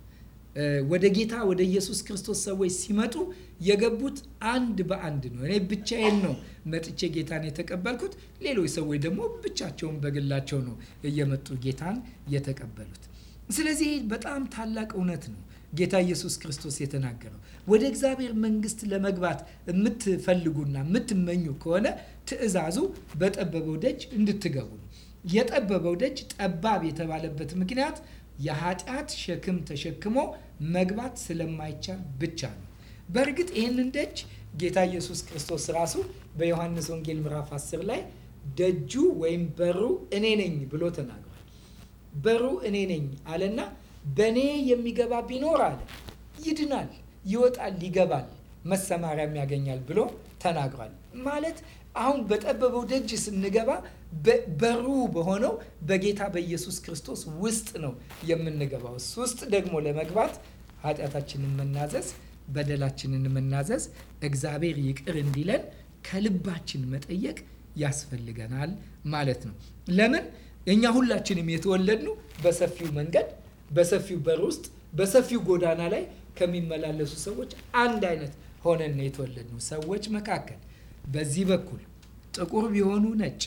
ወደ ጌታ ወደ ኢየሱስ ክርስቶስ ሰዎች ሲመጡ የገቡት አንድ በአንድ ነው። እኔ ብቻዬን ነው መጥቼ ጌታን የተቀበልኩት። ሌሎች ሰዎች ደግሞ ብቻቸውን በግላቸው ነው እየመጡ ጌታን የተቀበሉት። ስለዚህ በጣም ታላቅ እውነት ነው። ጌታ ኢየሱስ ክርስቶስ የተናገረው። ወደ እግዚአብሔር መንግስት ለመግባት የምትፈልጉና የምትመኙ ከሆነ ትእዛዙ በጠበበው ደጅ እንድትገቡ ነው። የጠበበው ደጅ ጠባብ የተባለበት ምክንያት የኃጢአት ሸክም ተሸክሞ መግባት ስለማይቻል ብቻ ነው። በእርግጥ ይህንን ደጅ ጌታ ኢየሱስ ክርስቶስ ራሱ በዮሐንስ ወንጌል ምዕራፍ 10 ላይ ደጁ ወይም በሩ እኔ ነኝ ብሎ ተናግሯል። በሩ እኔ ነኝ አለና በእኔ የሚገባ ቢኖር አለ ይድናል፣ ይወጣል፣ ይገባል፣ መሰማሪያም ያገኛል ብሎ ተናግሯል። ማለት አሁን በጠበበው ደጅ ስንገባ በሩ በሆነው በጌታ በኢየሱስ ክርስቶስ ውስጥ ነው የምንገባው። እሱ ውስጥ ደግሞ ለመግባት ኃጢአታችንን መናዘዝ፣ በደላችንን መናዘዝ፣ እግዚአብሔር ይቅር እንዲለን ከልባችን መጠየቅ ያስፈልገናል ማለት ነው። ለምን እኛ ሁላችንም የተወለድነው በሰፊው መንገድ በሰፊው በር ውስጥ በሰፊው ጎዳና ላይ ከሚመላለሱ ሰዎች አንድ አይነት ሆነን ነው የተወለድነው። ሰዎች መካከል በዚህ በኩል ጥቁር ቢሆኑ ነጭ፣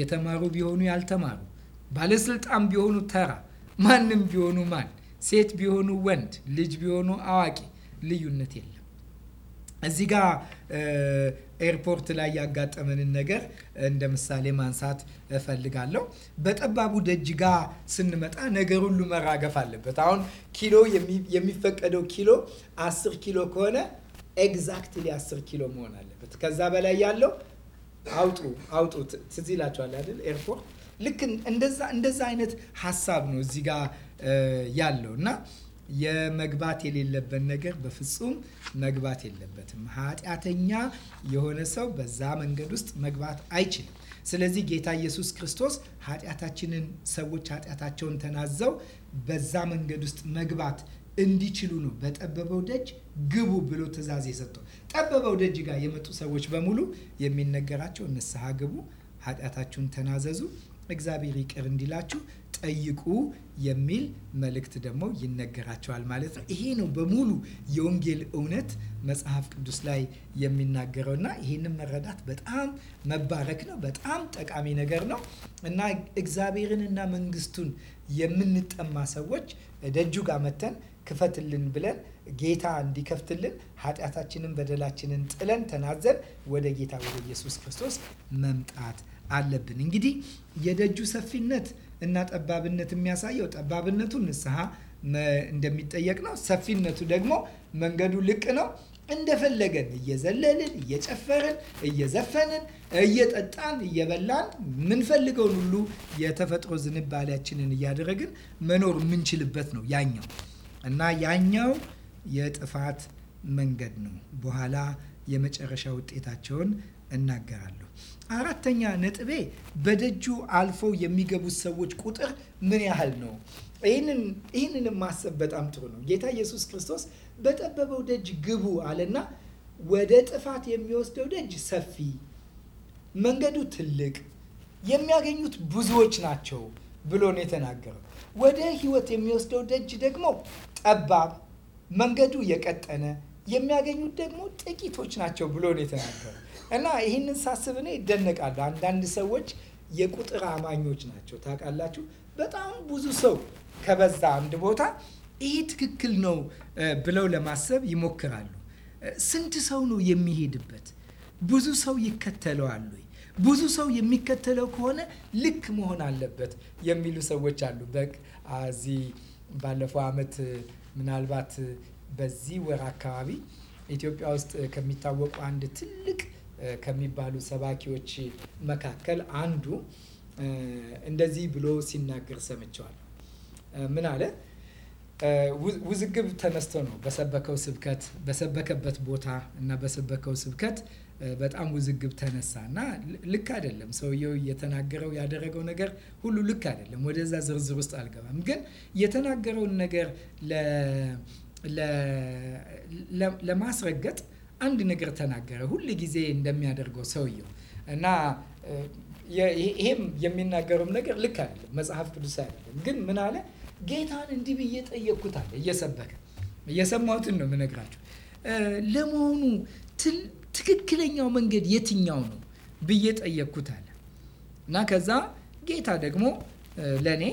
የተማሩ ቢሆኑ ያልተማሩ፣ ባለስልጣን ቢሆኑ ተራ፣ ማንም ቢሆኑ ማን፣ ሴት ቢሆኑ ወንድ፣ ልጅ ቢሆኑ አዋቂ ልዩነት የለም። እዚህ ጋር ኤርፖርት ላይ ያጋጠመንን ነገር እንደ ምሳሌ ማንሳት እፈልጋለሁ። በጠባቡ ደጅ ጋር ስንመጣ ነገር ሁሉ መራገፍ አለበት። አሁን ኪሎ የሚፈቀደው ኪሎ አስር ኪሎ ከሆነ ኤግዛክትሊ አስር ኪሎ መሆን አለበት። ከዛ በላይ ያለው አውጡ አውጡ። ትዝ ይላችኋል አይደል? ኤርፖርት ልክ እንደዛ እንደዛ አይነት ሀሳብ ነው እዚህ ጋር ያለው እና የመግባት የሌለበት ነገር በፍጹም መግባት የለበትም። ኃጢአተኛ የሆነ ሰው በዛ መንገድ ውስጥ መግባት አይችልም። ስለዚህ ጌታ ኢየሱስ ክርስቶስ ኃጢአታችንን ሰዎች ኃጢአታቸውን ተናዘው በዛ መንገድ ውስጥ መግባት እንዲችሉ ነው በጠበበው ደጅ ግቡ ብሎ ትእዛዝ የሰጠው። ጠበበው ደጅ ጋር የመጡ ሰዎች በሙሉ የሚነገራቸው ንስሐ ግቡ፣ ኃጢአታችሁን ተናዘዙ፣ እግዚአብሔር ይቅር እንዲላችሁ ጠይቁ የሚል መልእክት ደግሞ ይነገራቸዋል ማለት ነው። ይሄ ነው በሙሉ የወንጌል እውነት መጽሐፍ ቅዱስ ላይ የሚናገረው እና ይህንን መረዳት በጣም መባረክ ነው፣ በጣም ጠቃሚ ነገር ነው እና እግዚአብሔርን እና መንግስቱን የምንጠማ ሰዎች ደጁ ጋር መተን ክፈትልን ብለን ጌታ እንዲከፍትልን ኃጢአታችንን በደላችንን ጥለን ተናዘን ወደ ጌታ ወደ ኢየሱስ ክርስቶስ መምጣት አለብን። እንግዲህ የደጁ ሰፊነት እና ጠባብነት የሚያሳየው ጠባብነቱ ንስሐ እንደሚጠየቅ ነው። ሰፊነቱ ደግሞ መንገዱ ልቅ ነው። እንደፈለገን እየዘለልን እየጨፈርን እየዘፈንን እየጠጣን እየበላን ምንፈልገውን ሁሉ የተፈጥሮ ዝንባሌያችንን እያደረግን መኖር የምንችልበት ነው ያኛው እና ያኛው የጥፋት መንገድ ነው። በኋላ የመጨረሻ ውጤታቸውን እናገራለሁ። አራተኛ ነጥቤ በደጁ አልፈው የሚገቡት ሰዎች ቁጥር ምን ያህል ነው? ይህንን ይህንንም ማሰብ በጣም ጥሩ ነው። ጌታ ኢየሱስ ክርስቶስ በጠበበው ደጅ ግቡ አለና ወደ ጥፋት የሚወስደው ደጅ ሰፊ፣ መንገዱ ትልቅ፣ የሚያገኙት ብዙዎች ናቸው ብሎ ነው የተናገረው። ወደ ህይወት የሚወስደው ደጅ ደግሞ ጠባብ፣ መንገዱ የቀጠነ፣ የሚያገኙት ደግሞ ጥቂቶች ናቸው ብሎ ነው የተናገረው። እና ይህንን ሳስብ እኔ አንዳንድ ሰዎች የቁጥር አማኞች ናቸው ታውቃላችሁ። በጣም ብዙ ሰው ከበዛ አንድ ቦታ ይሄ ትክክል ነው ብለው ለማሰብ ይሞክራሉ። ስንት ሰው ነው የሚሄድበት? ብዙ ሰው ይከተለዋሉ። ብዙ ሰው የሚከተለው ከሆነ ልክ መሆን አለበት የሚሉ ሰዎች አሉ። በቅ እዚህ ባለፈው ዓመት ምናልባት በዚህ ወር አካባቢ ኢትዮጵያ ውስጥ ከሚታወቁ አንድ ትልቅ ከሚባሉ ሰባኪዎች መካከል አንዱ እንደዚህ ብሎ ሲናገር ሰምቸዋል። ምን አለ? ውዝግብ ተነስቶ ነው በሰበከው ስብከት በሰበከበት ቦታ እና በሰበከው ስብከት በጣም ውዝግብ ተነሳ እና ልክ አይደለም። ሰውየው እየተናገረው ያደረገው ነገር ሁሉ ልክ አይደለም። ወደዛ ዝርዝር ውስጥ አልገባም። ግን የተናገረውን ነገር ለማስረገጥ አንድ ነገር ተናገረ። ሁል ጊዜ እንደሚያደርገው ሰውየው እና ይሄም የሚናገረውም ነገር ልክ አይደለም፣ መጽሐፍ ቅዱስ አይደለም። ግን ምን አለ? ጌታን እንዲህ ብዬ ጠየቅኩት አለ። እየሰበከ እየሰማሁትን ነው የምነግራችሁ። ለመሆኑ ትክክለኛው መንገድ የትኛው ነው ብዬ ጠየቅኩት አለ እና ከዛ ጌታ ደግሞ ለእኔ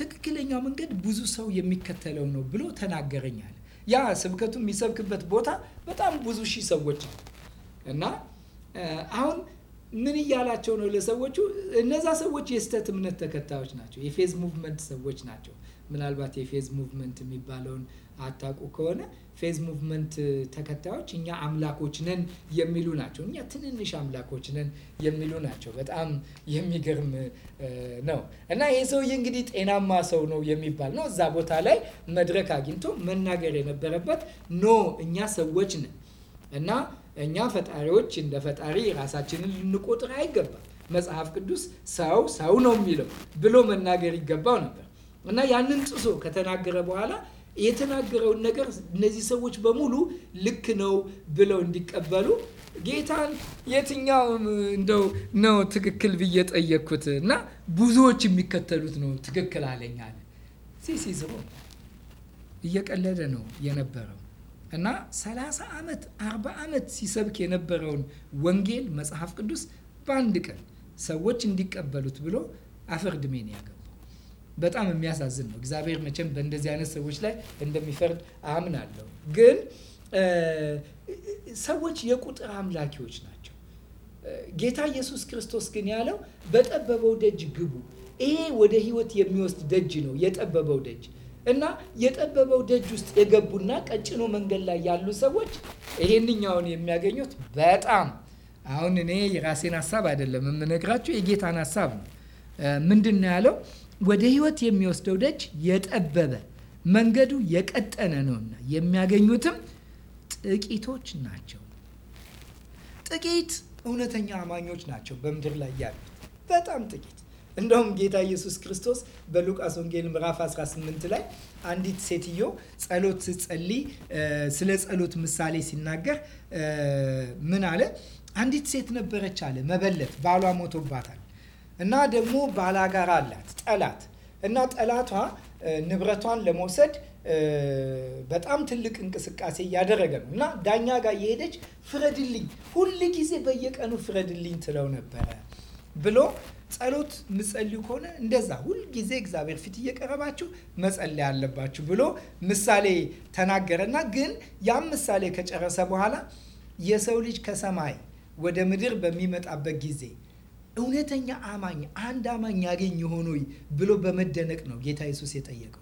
ትክክለኛው መንገድ ብዙ ሰው የሚከተለው ነው ብሎ ተናገረኛል። ያ ስብከቱ የሚሰብክበት ቦታ በጣም ብዙ ሺህ ሰዎች ነው እና አሁን ምን እያላቸው ነው ለሰዎቹ? እነዛ ሰዎች የስተት እምነት ተከታዮች ናቸው። የፌዝ ሙቭመንት ሰዎች ናቸው። ምናልባት የፌዝ ሙቭመንት የሚባለውን አታውቁ ከሆነ ፌዝ ሙቭመንት ተከታዮች እኛ አምላኮች ነን የሚሉ ናቸው። እኛ ትንንሽ አምላኮች ነን የሚሉ ናቸው። በጣም የሚገርም ነው። እና ይሄ ሰውዬ እንግዲህ ጤናማ ሰው ነው የሚባል ነው። እዛ ቦታ ላይ መድረክ አግኝቶ መናገር የነበረበት ኖ እኛ ሰዎች ነን እና እኛ ፈጣሪዎች እንደ ፈጣሪ ራሳችንን ልንቆጥር አይገባም፣ መጽሐፍ ቅዱስ ሰው ሰው ነው የሚለው ብሎ መናገር ይገባው ነበር እና ያንን ጥሶ ከተናገረ በኋላ የተናገረውን ነገር እነዚህ ሰዎች በሙሉ ልክ ነው ብለው እንዲቀበሉ ጌታን የትኛው እንደው ነው ትክክል ብዬ ጠየቅኩት እና ብዙዎች የሚከተሉት ነው ትክክል አለኝ አለ። እየቀለደ ነው የነበረው እና 30 ዓመት 40 ዓመት ሲሰብክ የነበረውን ወንጌል መጽሐፍ ቅዱስ በአንድ ቀን ሰዎች እንዲቀበሉት ብሎ አፈር ድሜን ያገ በጣም የሚያሳዝን ነው። እግዚአብሔር መቼም በእንደዚህ አይነት ሰዎች ላይ እንደሚፈርድ አምናለሁ። ግን ሰዎች የቁጥር አምላኪዎች ናቸው። ጌታ ኢየሱስ ክርስቶስ ግን ያለው በጠበበው ደጅ ግቡ። ይሄ ወደ ሕይወት የሚወስድ ደጅ ነው የጠበበው ደጅ እና የጠበበው ደጅ ውስጥ የገቡና ቀጭኑ መንገድ ላይ ያሉ ሰዎች ይሄንኛውን የሚያገኙት በጣም አሁን እኔ የራሴን ሀሳብ አይደለም የምነግራቸው የጌታን ሀሳብ ነው። ምንድን ነው ያለው? ወደ ህይወት የሚወስደው ደጅ የጠበበ መንገዱ የቀጠነ ነውና የሚያገኙትም ጥቂቶች ናቸው። ጥቂት እውነተኛ አማኞች ናቸው በምድር ላይ ያሉት፣ በጣም ጥቂት። እንደውም ጌታ ኢየሱስ ክርስቶስ በሉቃስ ወንጌል ምዕራፍ 18 ላይ አንዲት ሴትዮ ጸሎት ስትጸልይ ስለ ጸሎት ምሳሌ ሲናገር ምን አለ? አንዲት ሴት ነበረች አለ መበለት፣ ባሏ ሞቶባታል እና ደግሞ ባላጋር አላት ጠላት እና ጠላቷ ንብረቷን ለመውሰድ በጣም ትልቅ እንቅስቃሴ እያደረገ ነው እና ዳኛ ጋር እየሄደች ፍረድልኝ፣ ሁል ጊዜ በየቀኑ ፍረድልኝ ትለው ነበረ ብሎ ጸሎት ምጸልዩ ከሆነ እንደዛ ሁል ጊዜ እግዚአብሔር ፊት እየቀረባችሁ መጸለይ አለባችሁ ብሎ ምሳሌ ተናገረና ግን ያም ምሳሌ ከጨረሰ በኋላ የሰው ልጅ ከሰማይ ወደ ምድር በሚመጣበት ጊዜ እውነተኛ አማኝ አንድ አማኝ ያገኝ ሆኖ ብሎ በመደነቅ ነው ጌታ ኢየሱስ የጠየቀው።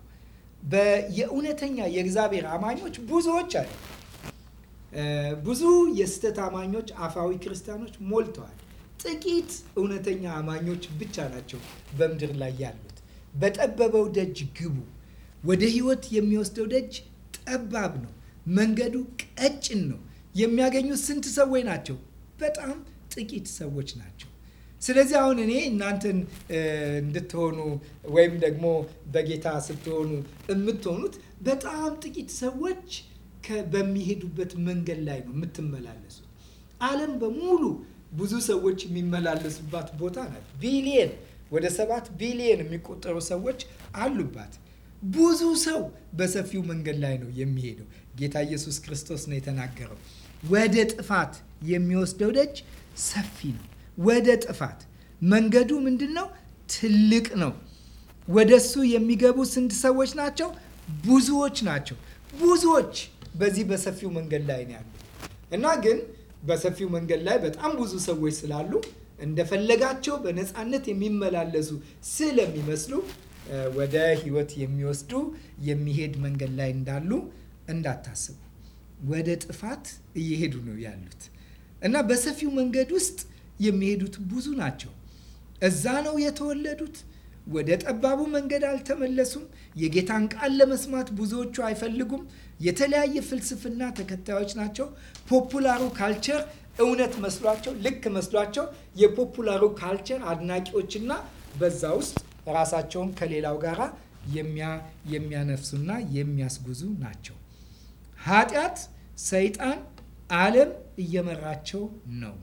የእውነተኛ የእግዚአብሔር አማኞች ብዙዎች አሉ። ብዙ የስህተት አማኞች፣ አፋዊ ክርስቲያኖች ሞልተዋል። ጥቂት እውነተኛ አማኞች ብቻ ናቸው በምድር ላይ ያሉት። በጠበበው ደጅ ግቡ። ወደ ሕይወት የሚወስደው ደጅ ጠባብ ነው፣ መንገዱ ቀጭን ነው። የሚያገኙት ስንት ሰዎች ናቸው? በጣም ጥቂት ሰዎች ናቸው። ስለዚህ አሁን እኔ እናንተን እንድትሆኑ ወይም ደግሞ በጌታ ስትሆኑ የምትሆኑት በጣም ጥቂት ሰዎች በሚሄዱበት መንገድ ላይ ነው የምትመላለሱ። ዓለም በሙሉ ብዙ ሰዎች የሚመላለሱባት ቦታ ናት። ቢሊየን ወደ ሰባት ቢሊየን የሚቆጠሩ ሰዎች አሉባት። ብዙ ሰው በሰፊው መንገድ ላይ ነው የሚሄደው። ጌታ ኢየሱስ ክርስቶስ ነው የተናገረው። ወደ ጥፋት የሚወስደው ደጅ ሰፊ ነው ወደ ጥፋት። መንገዱ ምንድን ነው? ትልቅ ነው። ወደሱ የሚገቡ ስንት ሰዎች ናቸው? ብዙዎች ናቸው። ብዙዎች በዚህ በሰፊው መንገድ ላይ ነው ያሉት እና ግን በሰፊው መንገድ ላይ በጣም ብዙ ሰዎች ስላሉ እንደፈለጋቸው በነፃነት የሚመላለሱ ስለሚመስሉ ወደ ህይወት የሚወስዱ የሚሄድ መንገድ ላይ እንዳሉ እንዳታስቡ። ወደ ጥፋት እየሄዱ ነው ያሉት እና በሰፊው መንገድ ውስጥ የሚሄዱት ብዙ ናቸው። እዛ ነው የተወለዱት። ወደ ጠባቡ መንገድ አልተመለሱም። የጌታን ቃል ለመስማት ብዙዎቹ አይፈልጉም። የተለያየ ፍልስፍና ተከታዮች ናቸው። ፖፑላሩ ካልቸር እውነት መስሏቸው፣ ልክ መስሏቸው የፖፑላሩ ካልቸር አድናቂዎችና በዛ ውስጥ ራሳቸውን ከሌላው ጋራ የሚያነፍሱና የሚያስጉዙ ናቸው። ኃጢአት፣ ሰይጣን፣ ዓለም እየመራቸው ነው።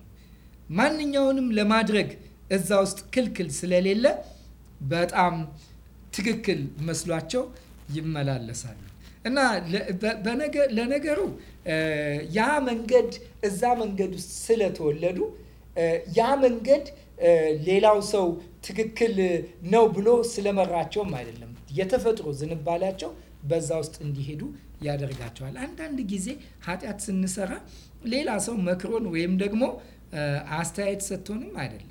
ማንኛውንም ለማድረግ እዛ ውስጥ ክልክል ስለሌለ በጣም ትክክል መስሏቸው ይመላለሳሉ እና ለነገሩ ያ መንገድ እዛ መንገድ ውስጥ ስለተወለዱ ያ መንገድ ሌላው ሰው ትክክል ነው ብሎ ስለመራቸውም አይደለም። የተፈጥሮ ዝንባላቸው በዛ ውስጥ እንዲሄዱ ያደርጋቸዋል። አንዳንድ ጊዜ ኃጢአት ስንሰራ ሌላ ሰው መክሮን ወይም ደግሞ አስተያየት ሰጥቶንም አይደለም።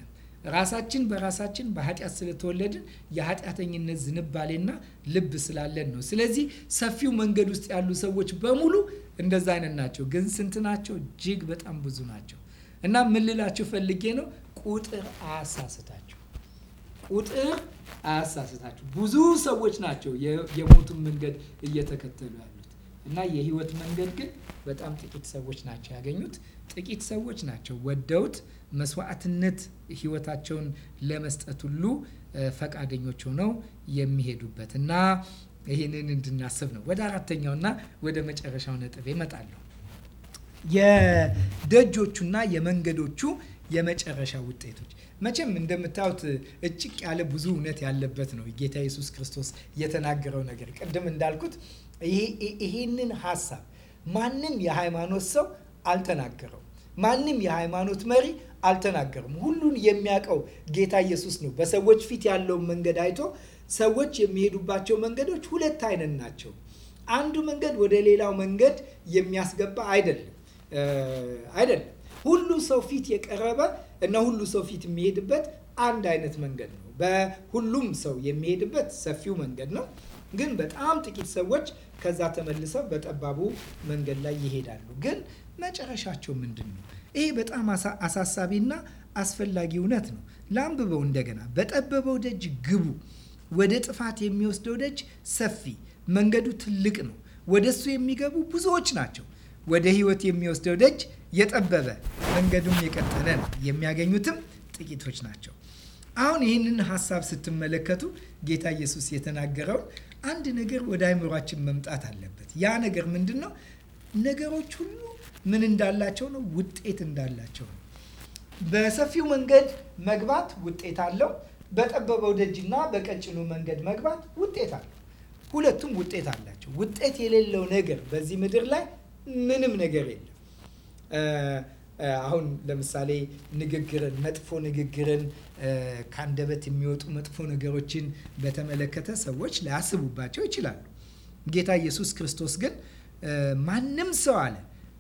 ራሳችን በራሳችን በኃጢአት ስለተወለድን የኃጢአተኝነት ዝንባሌና ልብ ስላለን ነው። ስለዚህ ሰፊው መንገድ ውስጥ ያሉ ሰዎች በሙሉ እንደዛ አይነት ናቸው። ግን ስንት ናቸው? እጅግ በጣም ብዙ ናቸው። እና ምን ልላችሁ ፈልጌ ነው፣ ቁጥር አያሳስታችሁ፣ ቁጥር አያሳስታችሁ። ብዙ ሰዎች ናቸው የሞቱን መንገድ እየተከተሉ ያሉት እና የህይወት መንገድ ግን በጣም ጥቂት ሰዎች ናቸው ያገኙት። ጥቂት ሰዎች ናቸው ወደውት መስዋዕትነት ህይወታቸውን ለመስጠት ሁሉ ፈቃደኞች ሆነው የሚሄዱበት እና ይህንን እንድናስብ ነው። ወደ አራተኛውና ወደ መጨረሻው ነጥብ እመጣለሁ። የደጆቹና የመንገዶቹ የመጨረሻ ውጤቶች መቼም እንደምታዩት እጭቅ ያለ ብዙ እውነት ያለበት ነው ጌታ ኢየሱስ ክርስቶስ የተናገረው ነገር። ቅድም እንዳልኩት ይሄንን ሀሳብ ማንም የሃይማኖት ሰው አልተናገረው። ማንም የሃይማኖት መሪ አልተናገረም። ሁሉን የሚያውቀው ጌታ ኢየሱስ ነው። በሰዎች ፊት ያለውን መንገድ አይቶ ሰዎች የሚሄዱባቸው መንገዶች ሁለት አይነት ናቸው። አንዱ መንገድ ወደ ሌላው መንገድ የሚያስገባ አይደለም አይደለም። ሁሉ ሰው ፊት የቀረበ እና ሁሉ ሰው ፊት የሚሄድበት አንድ አይነት መንገድ ነው። በሁሉም ሰው የሚሄድበት ሰፊው መንገድ ነው። ግን በጣም ጥቂት ሰዎች ከዛ ተመልሰው በጠባቡ መንገድ ላይ ይሄዳሉ። ግን መጨረሻቸው ምንድን ነው? ይሄ በጣም አሳሳቢና አስፈላጊ እውነት ነው። ላንብበው እንደገና። በጠበበው ደጅ ግቡ፣ ወደ ጥፋት የሚወስደው ደጅ ሰፊ መንገዱ ትልቅ ነው፣ ወደ እሱ የሚገቡ ብዙዎች ናቸው። ወደ ህይወት የሚወስደው ደጅ የጠበበ መንገዱም የቀጠለ ነው፣ የሚያገኙትም ጥቂቶች ናቸው። አሁን ይህንን ሀሳብ ስትመለከቱ ጌታ ኢየሱስ የተናገረው አንድ ነገር ወደ አይምሯችን መምጣት አለበት። ያ ነገር ምንድን ነው? ነገሮች ሁሉ ምን እንዳላቸው ነው? ውጤት እንዳላቸው ነው። በሰፊው መንገድ መግባት ውጤት አለው። በጠበበው ደጅና በቀጭኑ መንገድ መግባት ውጤት አለው። ሁለቱም ውጤት አላቸው። ውጤት የሌለው ነገር በዚህ ምድር ላይ ምንም ነገር የለም። አሁን ለምሳሌ ንግግርን፣ መጥፎ ንግግርን፣ ከአንደበት የሚወጡ መጥፎ ነገሮችን በተመለከተ ሰዎች ሊያስቡባቸው ይችላሉ። ጌታ ኢየሱስ ክርስቶስ ግን ማንም ሰው አለ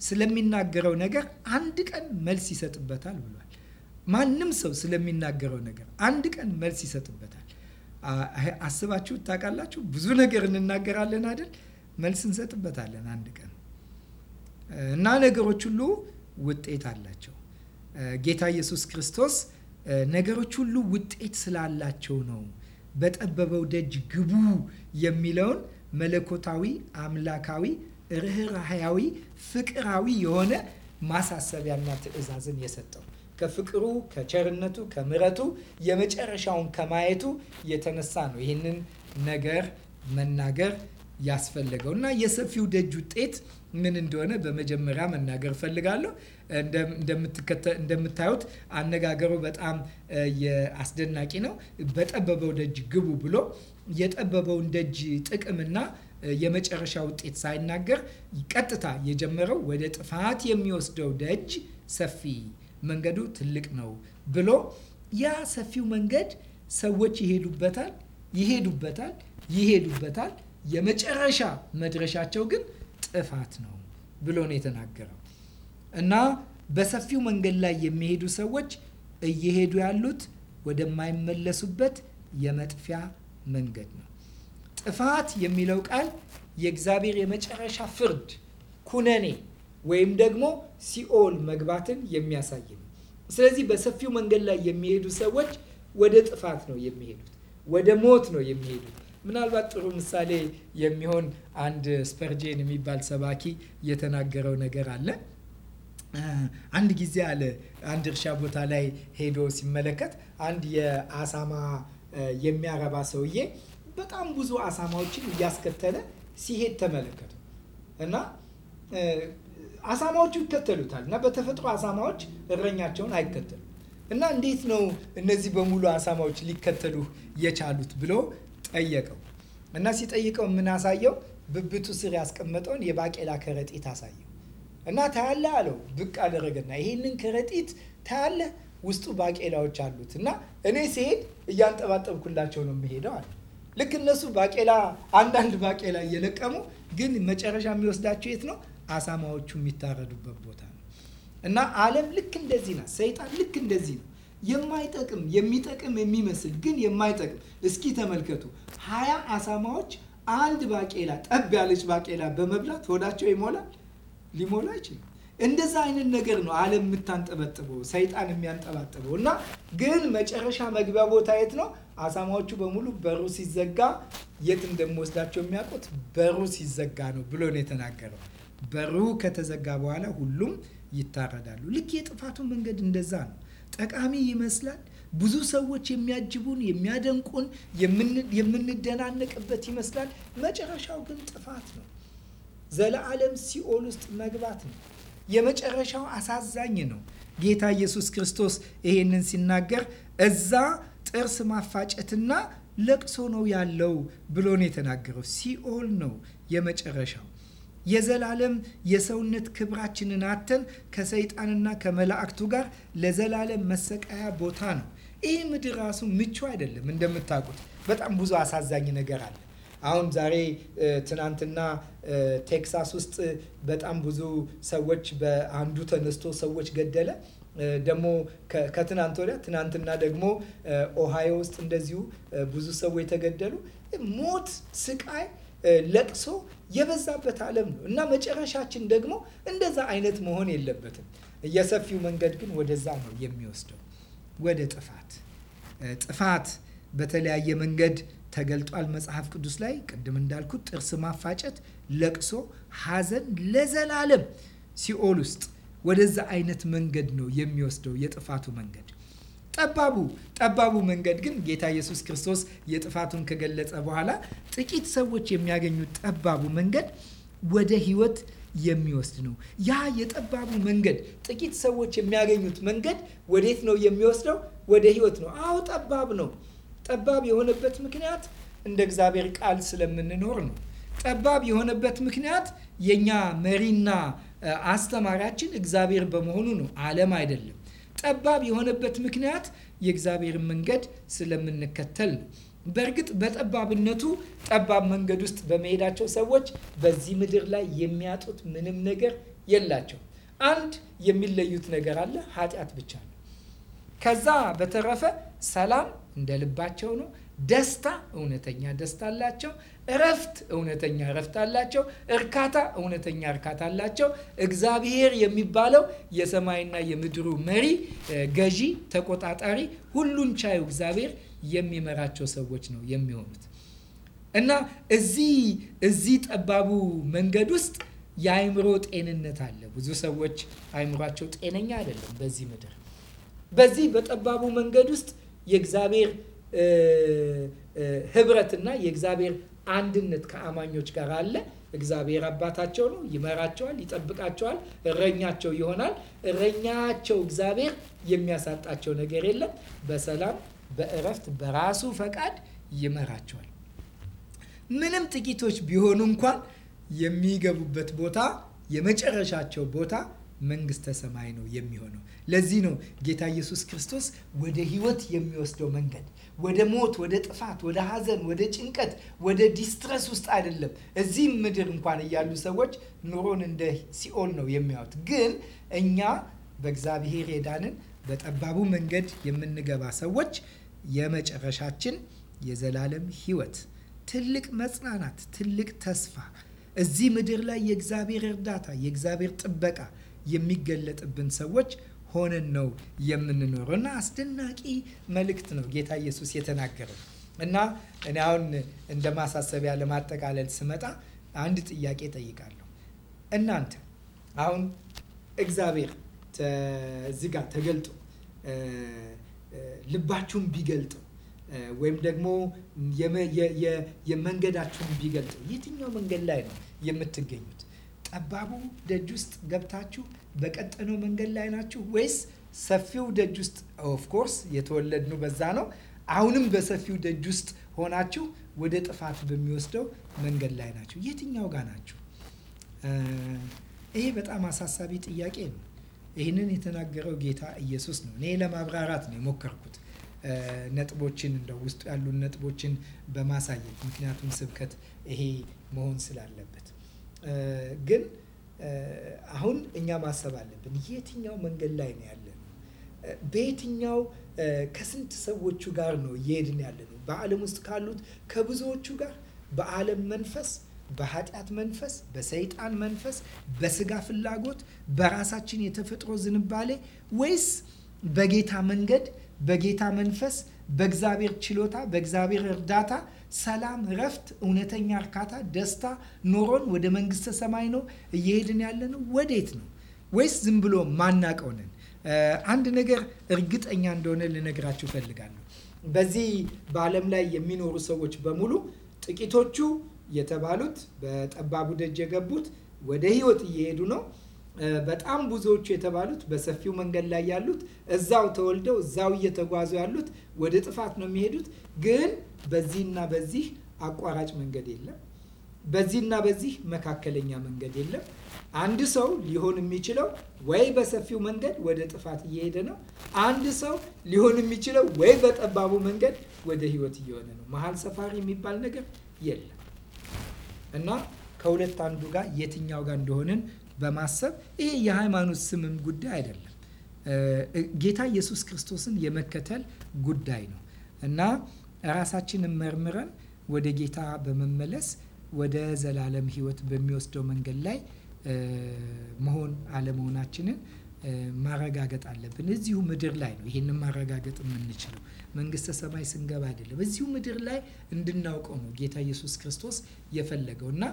ስለሚናገረው ነገር አንድ ቀን መልስ ይሰጥበታል ብሏል። ማንም ሰው ስለሚናገረው ነገር አንድ ቀን መልስ ይሰጥበታል። አስባችሁ ታውቃላችሁ? ብዙ ነገር እንናገራለን አይደል? መልስ እንሰጥበታለን አንድ ቀን እና ነገሮች ሁሉ ውጤት አላቸው። ጌታ ኢየሱስ ክርስቶስ ነገሮች ሁሉ ውጤት ስላላቸው ነው በጠበበው ደጅ ግቡ የሚለውን መለኮታዊ አምላካዊ ርኅራኄያዊ ፍቅራዊ የሆነ ማሳሰቢያና ትዕዛዝን የሰጠው ከፍቅሩ ከቸርነቱ ከምረቱ የመጨረሻውን ከማየቱ የተነሳ ነው ይህንን ነገር መናገር ያስፈለገው እና የሰፊው ደጅ ውጤት ምን እንደሆነ በመጀመሪያ መናገር እፈልጋለሁ። እንደምታዩት አነጋገሩ በጣም አስደናቂ ነው። በጠበበው ደጅ ግቡ ብሎ የጠበበውን ደጅ ጥቅምና የመጨረሻ ውጤት ሳይናገር ቀጥታ የጀመረው ወደ ጥፋት የሚወስደው ደጅ ሰፊ መንገዱ ትልቅ ነው ብሎ ያ ሰፊው መንገድ ሰዎች ይሄዱበታል፣ ይሄዱበታል፣ ይሄዱበታል የመጨረሻ መድረሻቸው ግን ጥፋት ነው ብሎ ነው የተናገረው እና በሰፊው መንገድ ላይ የሚሄዱ ሰዎች እየሄዱ ያሉት ወደማይመለሱበት የመጥፊያ መንገድ ነው። ጥፋት የሚለው ቃል የእግዚአብሔር የመጨረሻ ፍርድ ኩነኔ ወይም ደግሞ ሲኦል መግባትን የሚያሳይ ነው። ስለዚህ በሰፊው መንገድ ላይ የሚሄዱ ሰዎች ወደ ጥፋት ነው የሚሄዱት፣ ወደ ሞት ነው የሚሄዱት። ምናልባት ጥሩ ምሳሌ የሚሆን አንድ ስፐርጄን የሚባል ሰባኪ የተናገረው ነገር አለ። አንድ ጊዜ አለ አንድ እርሻ ቦታ ላይ ሄዶ ሲመለከት አንድ የአሳማ የሚያረባ ሰውዬ በጣም ብዙ አሳማዎችን እያስከተለ ሲሄድ ተመለከቱ እና አሳማዎቹ ይከተሉታል እና በተፈጥሮ አሳማዎች እረኛቸውን አይከተሉም እና እንዴት ነው እነዚህ በሙሉ አሳማዎች ሊከተሉ የቻሉት ብሎ ጠየቀው እና ሲጠይቀው የምናሳየው ብብቱ ስር ያስቀመጠውን የባቄላ ከረጢት አሳየው እና ታያለህ አለው ብቅ አደረገና ይሄንን ከረጢት ታያለህ ውስጡ ባቄላዎች አሉት እና እኔ ሲሄድ እያንጠባጠብኩላቸው ነው የምሄደው አለ ልክ እነሱ ባቄላ አንዳንድ ባቄላ እየለቀሙ ግን መጨረሻ የሚወስዳቸው የት ነው? አሳማዎቹ የሚታረዱበት ቦታ ነው። እና ዓለም ልክ እንደዚህ ናት። ሰይጣን ልክ እንደዚህ ነው። የማይጠቅም የሚጠቅም የሚመስል ግን የማይጠቅም እስኪ ተመልከቱ። ሀያ አሳማዎች አንድ ባቄላ ጠብ ያለች ባቄላ በመብላት ሆዳቸው ይሞላል? ሊሞላ ይችላል። እንደዛ አይነት ነገር ነው ዓለም የምታንጠበጥበው ሰይጣን የሚያንጠባጥበው። እና ግን መጨረሻ መግቢያ ቦታ የት ነው? አሳማዎቹ በሙሉ በሩ ሲዘጋ የት እንደሚወስዳቸው የሚያውቁት በሩ ሲዘጋ ነው ብሎ ነው የተናገረው። በሩ ከተዘጋ በኋላ ሁሉም ይታረዳሉ። ልክ የጥፋቱ መንገድ እንደዛ ነው። ጠቃሚ ይመስላል። ብዙ ሰዎች የሚያጅቡን፣ የሚያደንቁን፣ የምንደናነቅበት ይመስላል። መጨረሻው ግን ጥፋት ነው። ዘለዓለም ሲኦል ውስጥ መግባት ነው። የመጨረሻው አሳዛኝ ነው። ጌታ ኢየሱስ ክርስቶስ ይሄንን ሲናገር እዛ ጥርስ ማፋጨትና ለቅሶ ነው ያለው ብሎ ነው የተናገረው። ሲኦል ነው የመጨረሻው። የዘላለም የሰውነት ክብራችንን አተን ከሰይጣንና ከመላእክቱ ጋር ለዘላለም መሰቃያ ቦታ ነው። ይህ ምድር ራሱ ምቹ አይደለም። እንደምታውቁት በጣም ብዙ አሳዛኝ ነገር አለ። አሁን ዛሬ ትናንትና ቴክሳስ ውስጥ በጣም ብዙ ሰዎች በአንዱ ተነስቶ ሰዎች ገደለ። ደግሞ ከትናንት ወዲያ ትናንትና ደግሞ ኦሃዮ ውስጥ እንደዚሁ ብዙ ሰዎች የተገደሉ ሞት፣ ስቃይ፣ ለቅሶ የበዛበት ዓለም ነው እና መጨረሻችን ደግሞ እንደዛ አይነት መሆን የለበትም። የሰፊው መንገድ ግን ወደዛ ነው የሚወስደው፣ ወደ ጥፋት ጥፋት በተለያየ መንገድ ተገልጧል መጽሐፍ ቅዱስ ላይ ቅድም እንዳልኩት ጥርስ ማፋጨት፣ ለቅሶ፣ ሐዘን ለዘላለም ሲኦል ውስጥ ወደዛ አይነት መንገድ ነው የሚወስደው የጥፋቱ መንገድ። ጠባቡ ጠባቡ መንገድ ግን ጌታ ኢየሱስ ክርስቶስ የጥፋቱን ከገለጸ በኋላ ጥቂት ሰዎች የሚያገኙት ጠባቡ መንገድ ወደ ህይወት የሚወስድ ነው። ያ የጠባቡ መንገድ ጥቂት ሰዎች የሚያገኙት መንገድ ወዴት ነው የሚወስደው? ወደ ህይወት ነው። አዎ ጠባብ ነው። ጠባብ የሆነበት ምክንያት እንደ እግዚአብሔር ቃል ስለምንኖር ነው። ጠባብ የሆነበት ምክንያት የእኛ መሪና አስተማሪያችን እግዚአብሔር በመሆኑ ነው፣ ዓለም አይደለም። ጠባብ የሆነበት ምክንያት የእግዚአብሔርን መንገድ ስለምንከተል ነው። በእርግጥ በጠባብነቱ ጠባብ መንገድ ውስጥ በመሄዳቸው ሰዎች በዚህ ምድር ላይ የሚያጡት ምንም ነገር የላቸው። አንድ የሚለዩት ነገር አለ፣ ኃጢአት ብቻ ነው። ከዛ በተረፈ ሰላም እንደ ልባቸው ነው። ደስታ እውነተኛ ደስታ አላቸው። እረፍት እውነተኛ እረፍት አላቸው። እርካታ እውነተኛ እርካታ አላቸው። እግዚአብሔር የሚባለው የሰማይና የምድሩ መሪ፣ ገዢ፣ ተቆጣጣሪ፣ ሁሉን ቻዩ እግዚአብሔር የሚመራቸው ሰዎች ነው የሚሆኑት እና እዚህ እዚህ ጠባቡ መንገድ ውስጥ የአእምሮ ጤንነት አለ። ብዙ ሰዎች አእምሯቸው ጤነኛ አይደለም በዚህ ምድር በዚህ በጠባቡ መንገድ ውስጥ የእግዚአብሔር ህብረትና የእግዚአብሔር አንድነት ከአማኞች ጋር አለ። እግዚአብሔር አባታቸው ነው፣ ይመራቸዋል፣ ይጠብቃቸዋል፣ እረኛቸው ይሆናል። እረኛቸው እግዚአብሔር የሚያሳጣቸው ነገር የለም። በሰላም በእረፍት በራሱ ፈቃድ ይመራቸዋል። ምንም ጥቂቶች ቢሆኑ እንኳን የሚገቡበት ቦታ የመጨረሻቸው ቦታ መንግስተ ሰማይ ነው የሚሆነው። ለዚህ ነው ጌታ ኢየሱስ ክርስቶስ ወደ ህይወት የሚወስደው መንገድ ወደ ሞት፣ ወደ ጥፋት፣ ወደ ሐዘን፣ ወደ ጭንቀት፣ ወደ ዲስትረስ ውስጥ አይደለም። እዚህ ምድር እንኳን እያሉ ሰዎች ኑሮን እንደ ሲኦል ነው የሚያዩት። ግን እኛ በእግዚአብሔር የዳንን በጠባቡ መንገድ የምንገባ ሰዎች የመጨረሻችን የዘላለም ህይወት፣ ትልቅ መጽናናት፣ ትልቅ ተስፋ እዚህ ምድር ላይ የእግዚአብሔር እርዳታ፣ የእግዚአብሔር ጥበቃ የሚገለጥብን ሰዎች ሆነን ነው የምንኖረው እና አስደናቂ መልእክት ነው ጌታ ኢየሱስ የተናገረው እና እኔ አሁን እንደ ማሳሰቢያ ለማጠቃለል ስመጣ አንድ ጥያቄ ጠይቃለሁ። እናንተ አሁን እግዚአብሔር እዚህ ጋር ተገልጦ ልባችሁን ቢገልጠው ወይም ደግሞ የመንገዳችሁን ቢገልጠው የትኛው መንገድ ላይ ነው የምትገኙት? ጠባቡ ደጅ ውስጥ ገብታችሁ በቀጠነው መንገድ ላይ ናችሁ ወይስ ሰፊው ደጅ ውስጥ ኦፍኮርስ የተወለድነው በዛ ነው። አሁንም በሰፊው ደጅ ውስጥ ሆናችሁ ወደ ጥፋት በሚወስደው መንገድ ላይ ናችሁ። የትኛው ጋ ናችሁ? ይሄ በጣም አሳሳቢ ጥያቄ ነው። ይህንን የተናገረው ጌታ ኢየሱስ ነው። እኔ ለማብራራት ነው የሞከርኩት ነጥቦችን እንደ ውስጡ ያሉን ነጥቦችን በማሳየት ምክንያቱም ስብከት ይሄ መሆን ስላለበት ግን አሁን እኛ ማሰብ አለብን። የትኛው መንገድ ላይ ነው ያለ ነው? በየትኛው ከስንት ሰዎቹ ጋር ነው እየሄድን ያለ ነው? በዓለም ውስጥ ካሉት ከብዙዎቹ ጋር በዓለም መንፈስ፣ በኃጢአት መንፈስ፣ በሰይጣን መንፈስ፣ በስጋ ፍላጎት፣ በራሳችን የተፈጥሮ ዝንባሌ ወይስ በጌታ መንገድ፣ በጌታ መንፈስ፣ በእግዚአብሔር ችሎታ፣ በእግዚአብሔር እርዳታ ሰላም፣ ረፍት፣ እውነተኛ እርካታ፣ ደስታ ኖሮን ወደ መንግስተ ሰማይ ነው እየሄድን ያለ ነው? ወዴት ነው? ወይስ ዝም ብሎ ማናቀው ነን? አንድ ነገር እርግጠኛ እንደሆነ ልነግራችሁ እፈልጋለሁ። በዚህ በዓለም ላይ የሚኖሩ ሰዎች በሙሉ ጥቂቶቹ የተባሉት በጠባቡ ደጅ የገቡት ወደ ህይወት እየሄዱ ነው። በጣም ብዙዎቹ የተባሉት በሰፊው መንገድ ላይ ያሉት እዛው ተወልደው እዛው እየተጓዙ ያሉት ወደ ጥፋት ነው የሚሄዱት። ግን በዚህና በዚህ አቋራጭ መንገድ የለም። በዚህና በዚህ መካከለኛ መንገድ የለም። አንድ ሰው ሊሆን የሚችለው ወይ በሰፊው መንገድ ወደ ጥፋት እየሄደ ነው። አንድ ሰው ሊሆን የሚችለው ወይ በጠባቡ መንገድ ወደ ሕይወት እየሆነ ነው። መሀል ሰፋሪ የሚባል ነገር የለም እና ከሁለት አንዱ ጋር የትኛው ጋር እንደሆንን በማሰብ ይሄ የሃይማኖት ስምም ጉዳይ አይደለም። ጌታ ኢየሱስ ክርስቶስን የመከተል ጉዳይ ነው እና ራሳችንን መርምረን ወደ ጌታ በመመለስ ወደ ዘላለም ሕይወት በሚወስደው መንገድ ላይ መሆን አለመሆናችንን ማረጋገጥ አለብን። እዚሁ ምድር ላይ ነው ይህንን ማረጋገጥ የምንችለው። መንግስተ ሰማይ ስንገባ አይደለም፣ እዚሁ ምድር ላይ እንድናውቀው ነው ጌታ ኢየሱስ ክርስቶስ የፈለገው እና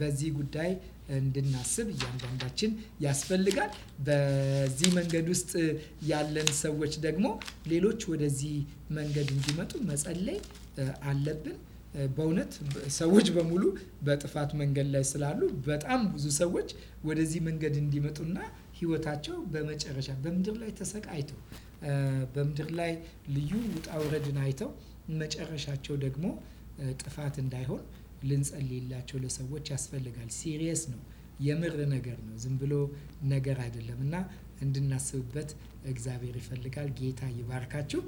በዚህ ጉዳይ እንድናስብ እያንዳንዳችን ያስፈልጋል። በዚህ መንገድ ውስጥ ያለን ሰዎች ደግሞ ሌሎች ወደዚህ መንገድ እንዲመጡ መጸለይ አለብን። በእውነት ሰዎች በሙሉ በጥፋት መንገድ ላይ ስላሉ በጣም ብዙ ሰዎች ወደዚህ መንገድ እንዲመጡና ሕይወታቸው በመጨረሻ በምድር ላይ ተሰቃይተው በምድር ላይ ልዩ ውጣ ውረድን አይተው መጨረሻቸው ደግሞ ጥፋት እንዳይሆን ልንጸልይላቸው ለሰዎች ያስፈልጋል። ሲሪየስ ነው፣ የምር ነገር ነው፣ ዝም ብሎ ነገር አይደለም እና እንድናስብበት እግዚአብሔር ይፈልጋል። ጌታ ይባርካችሁ።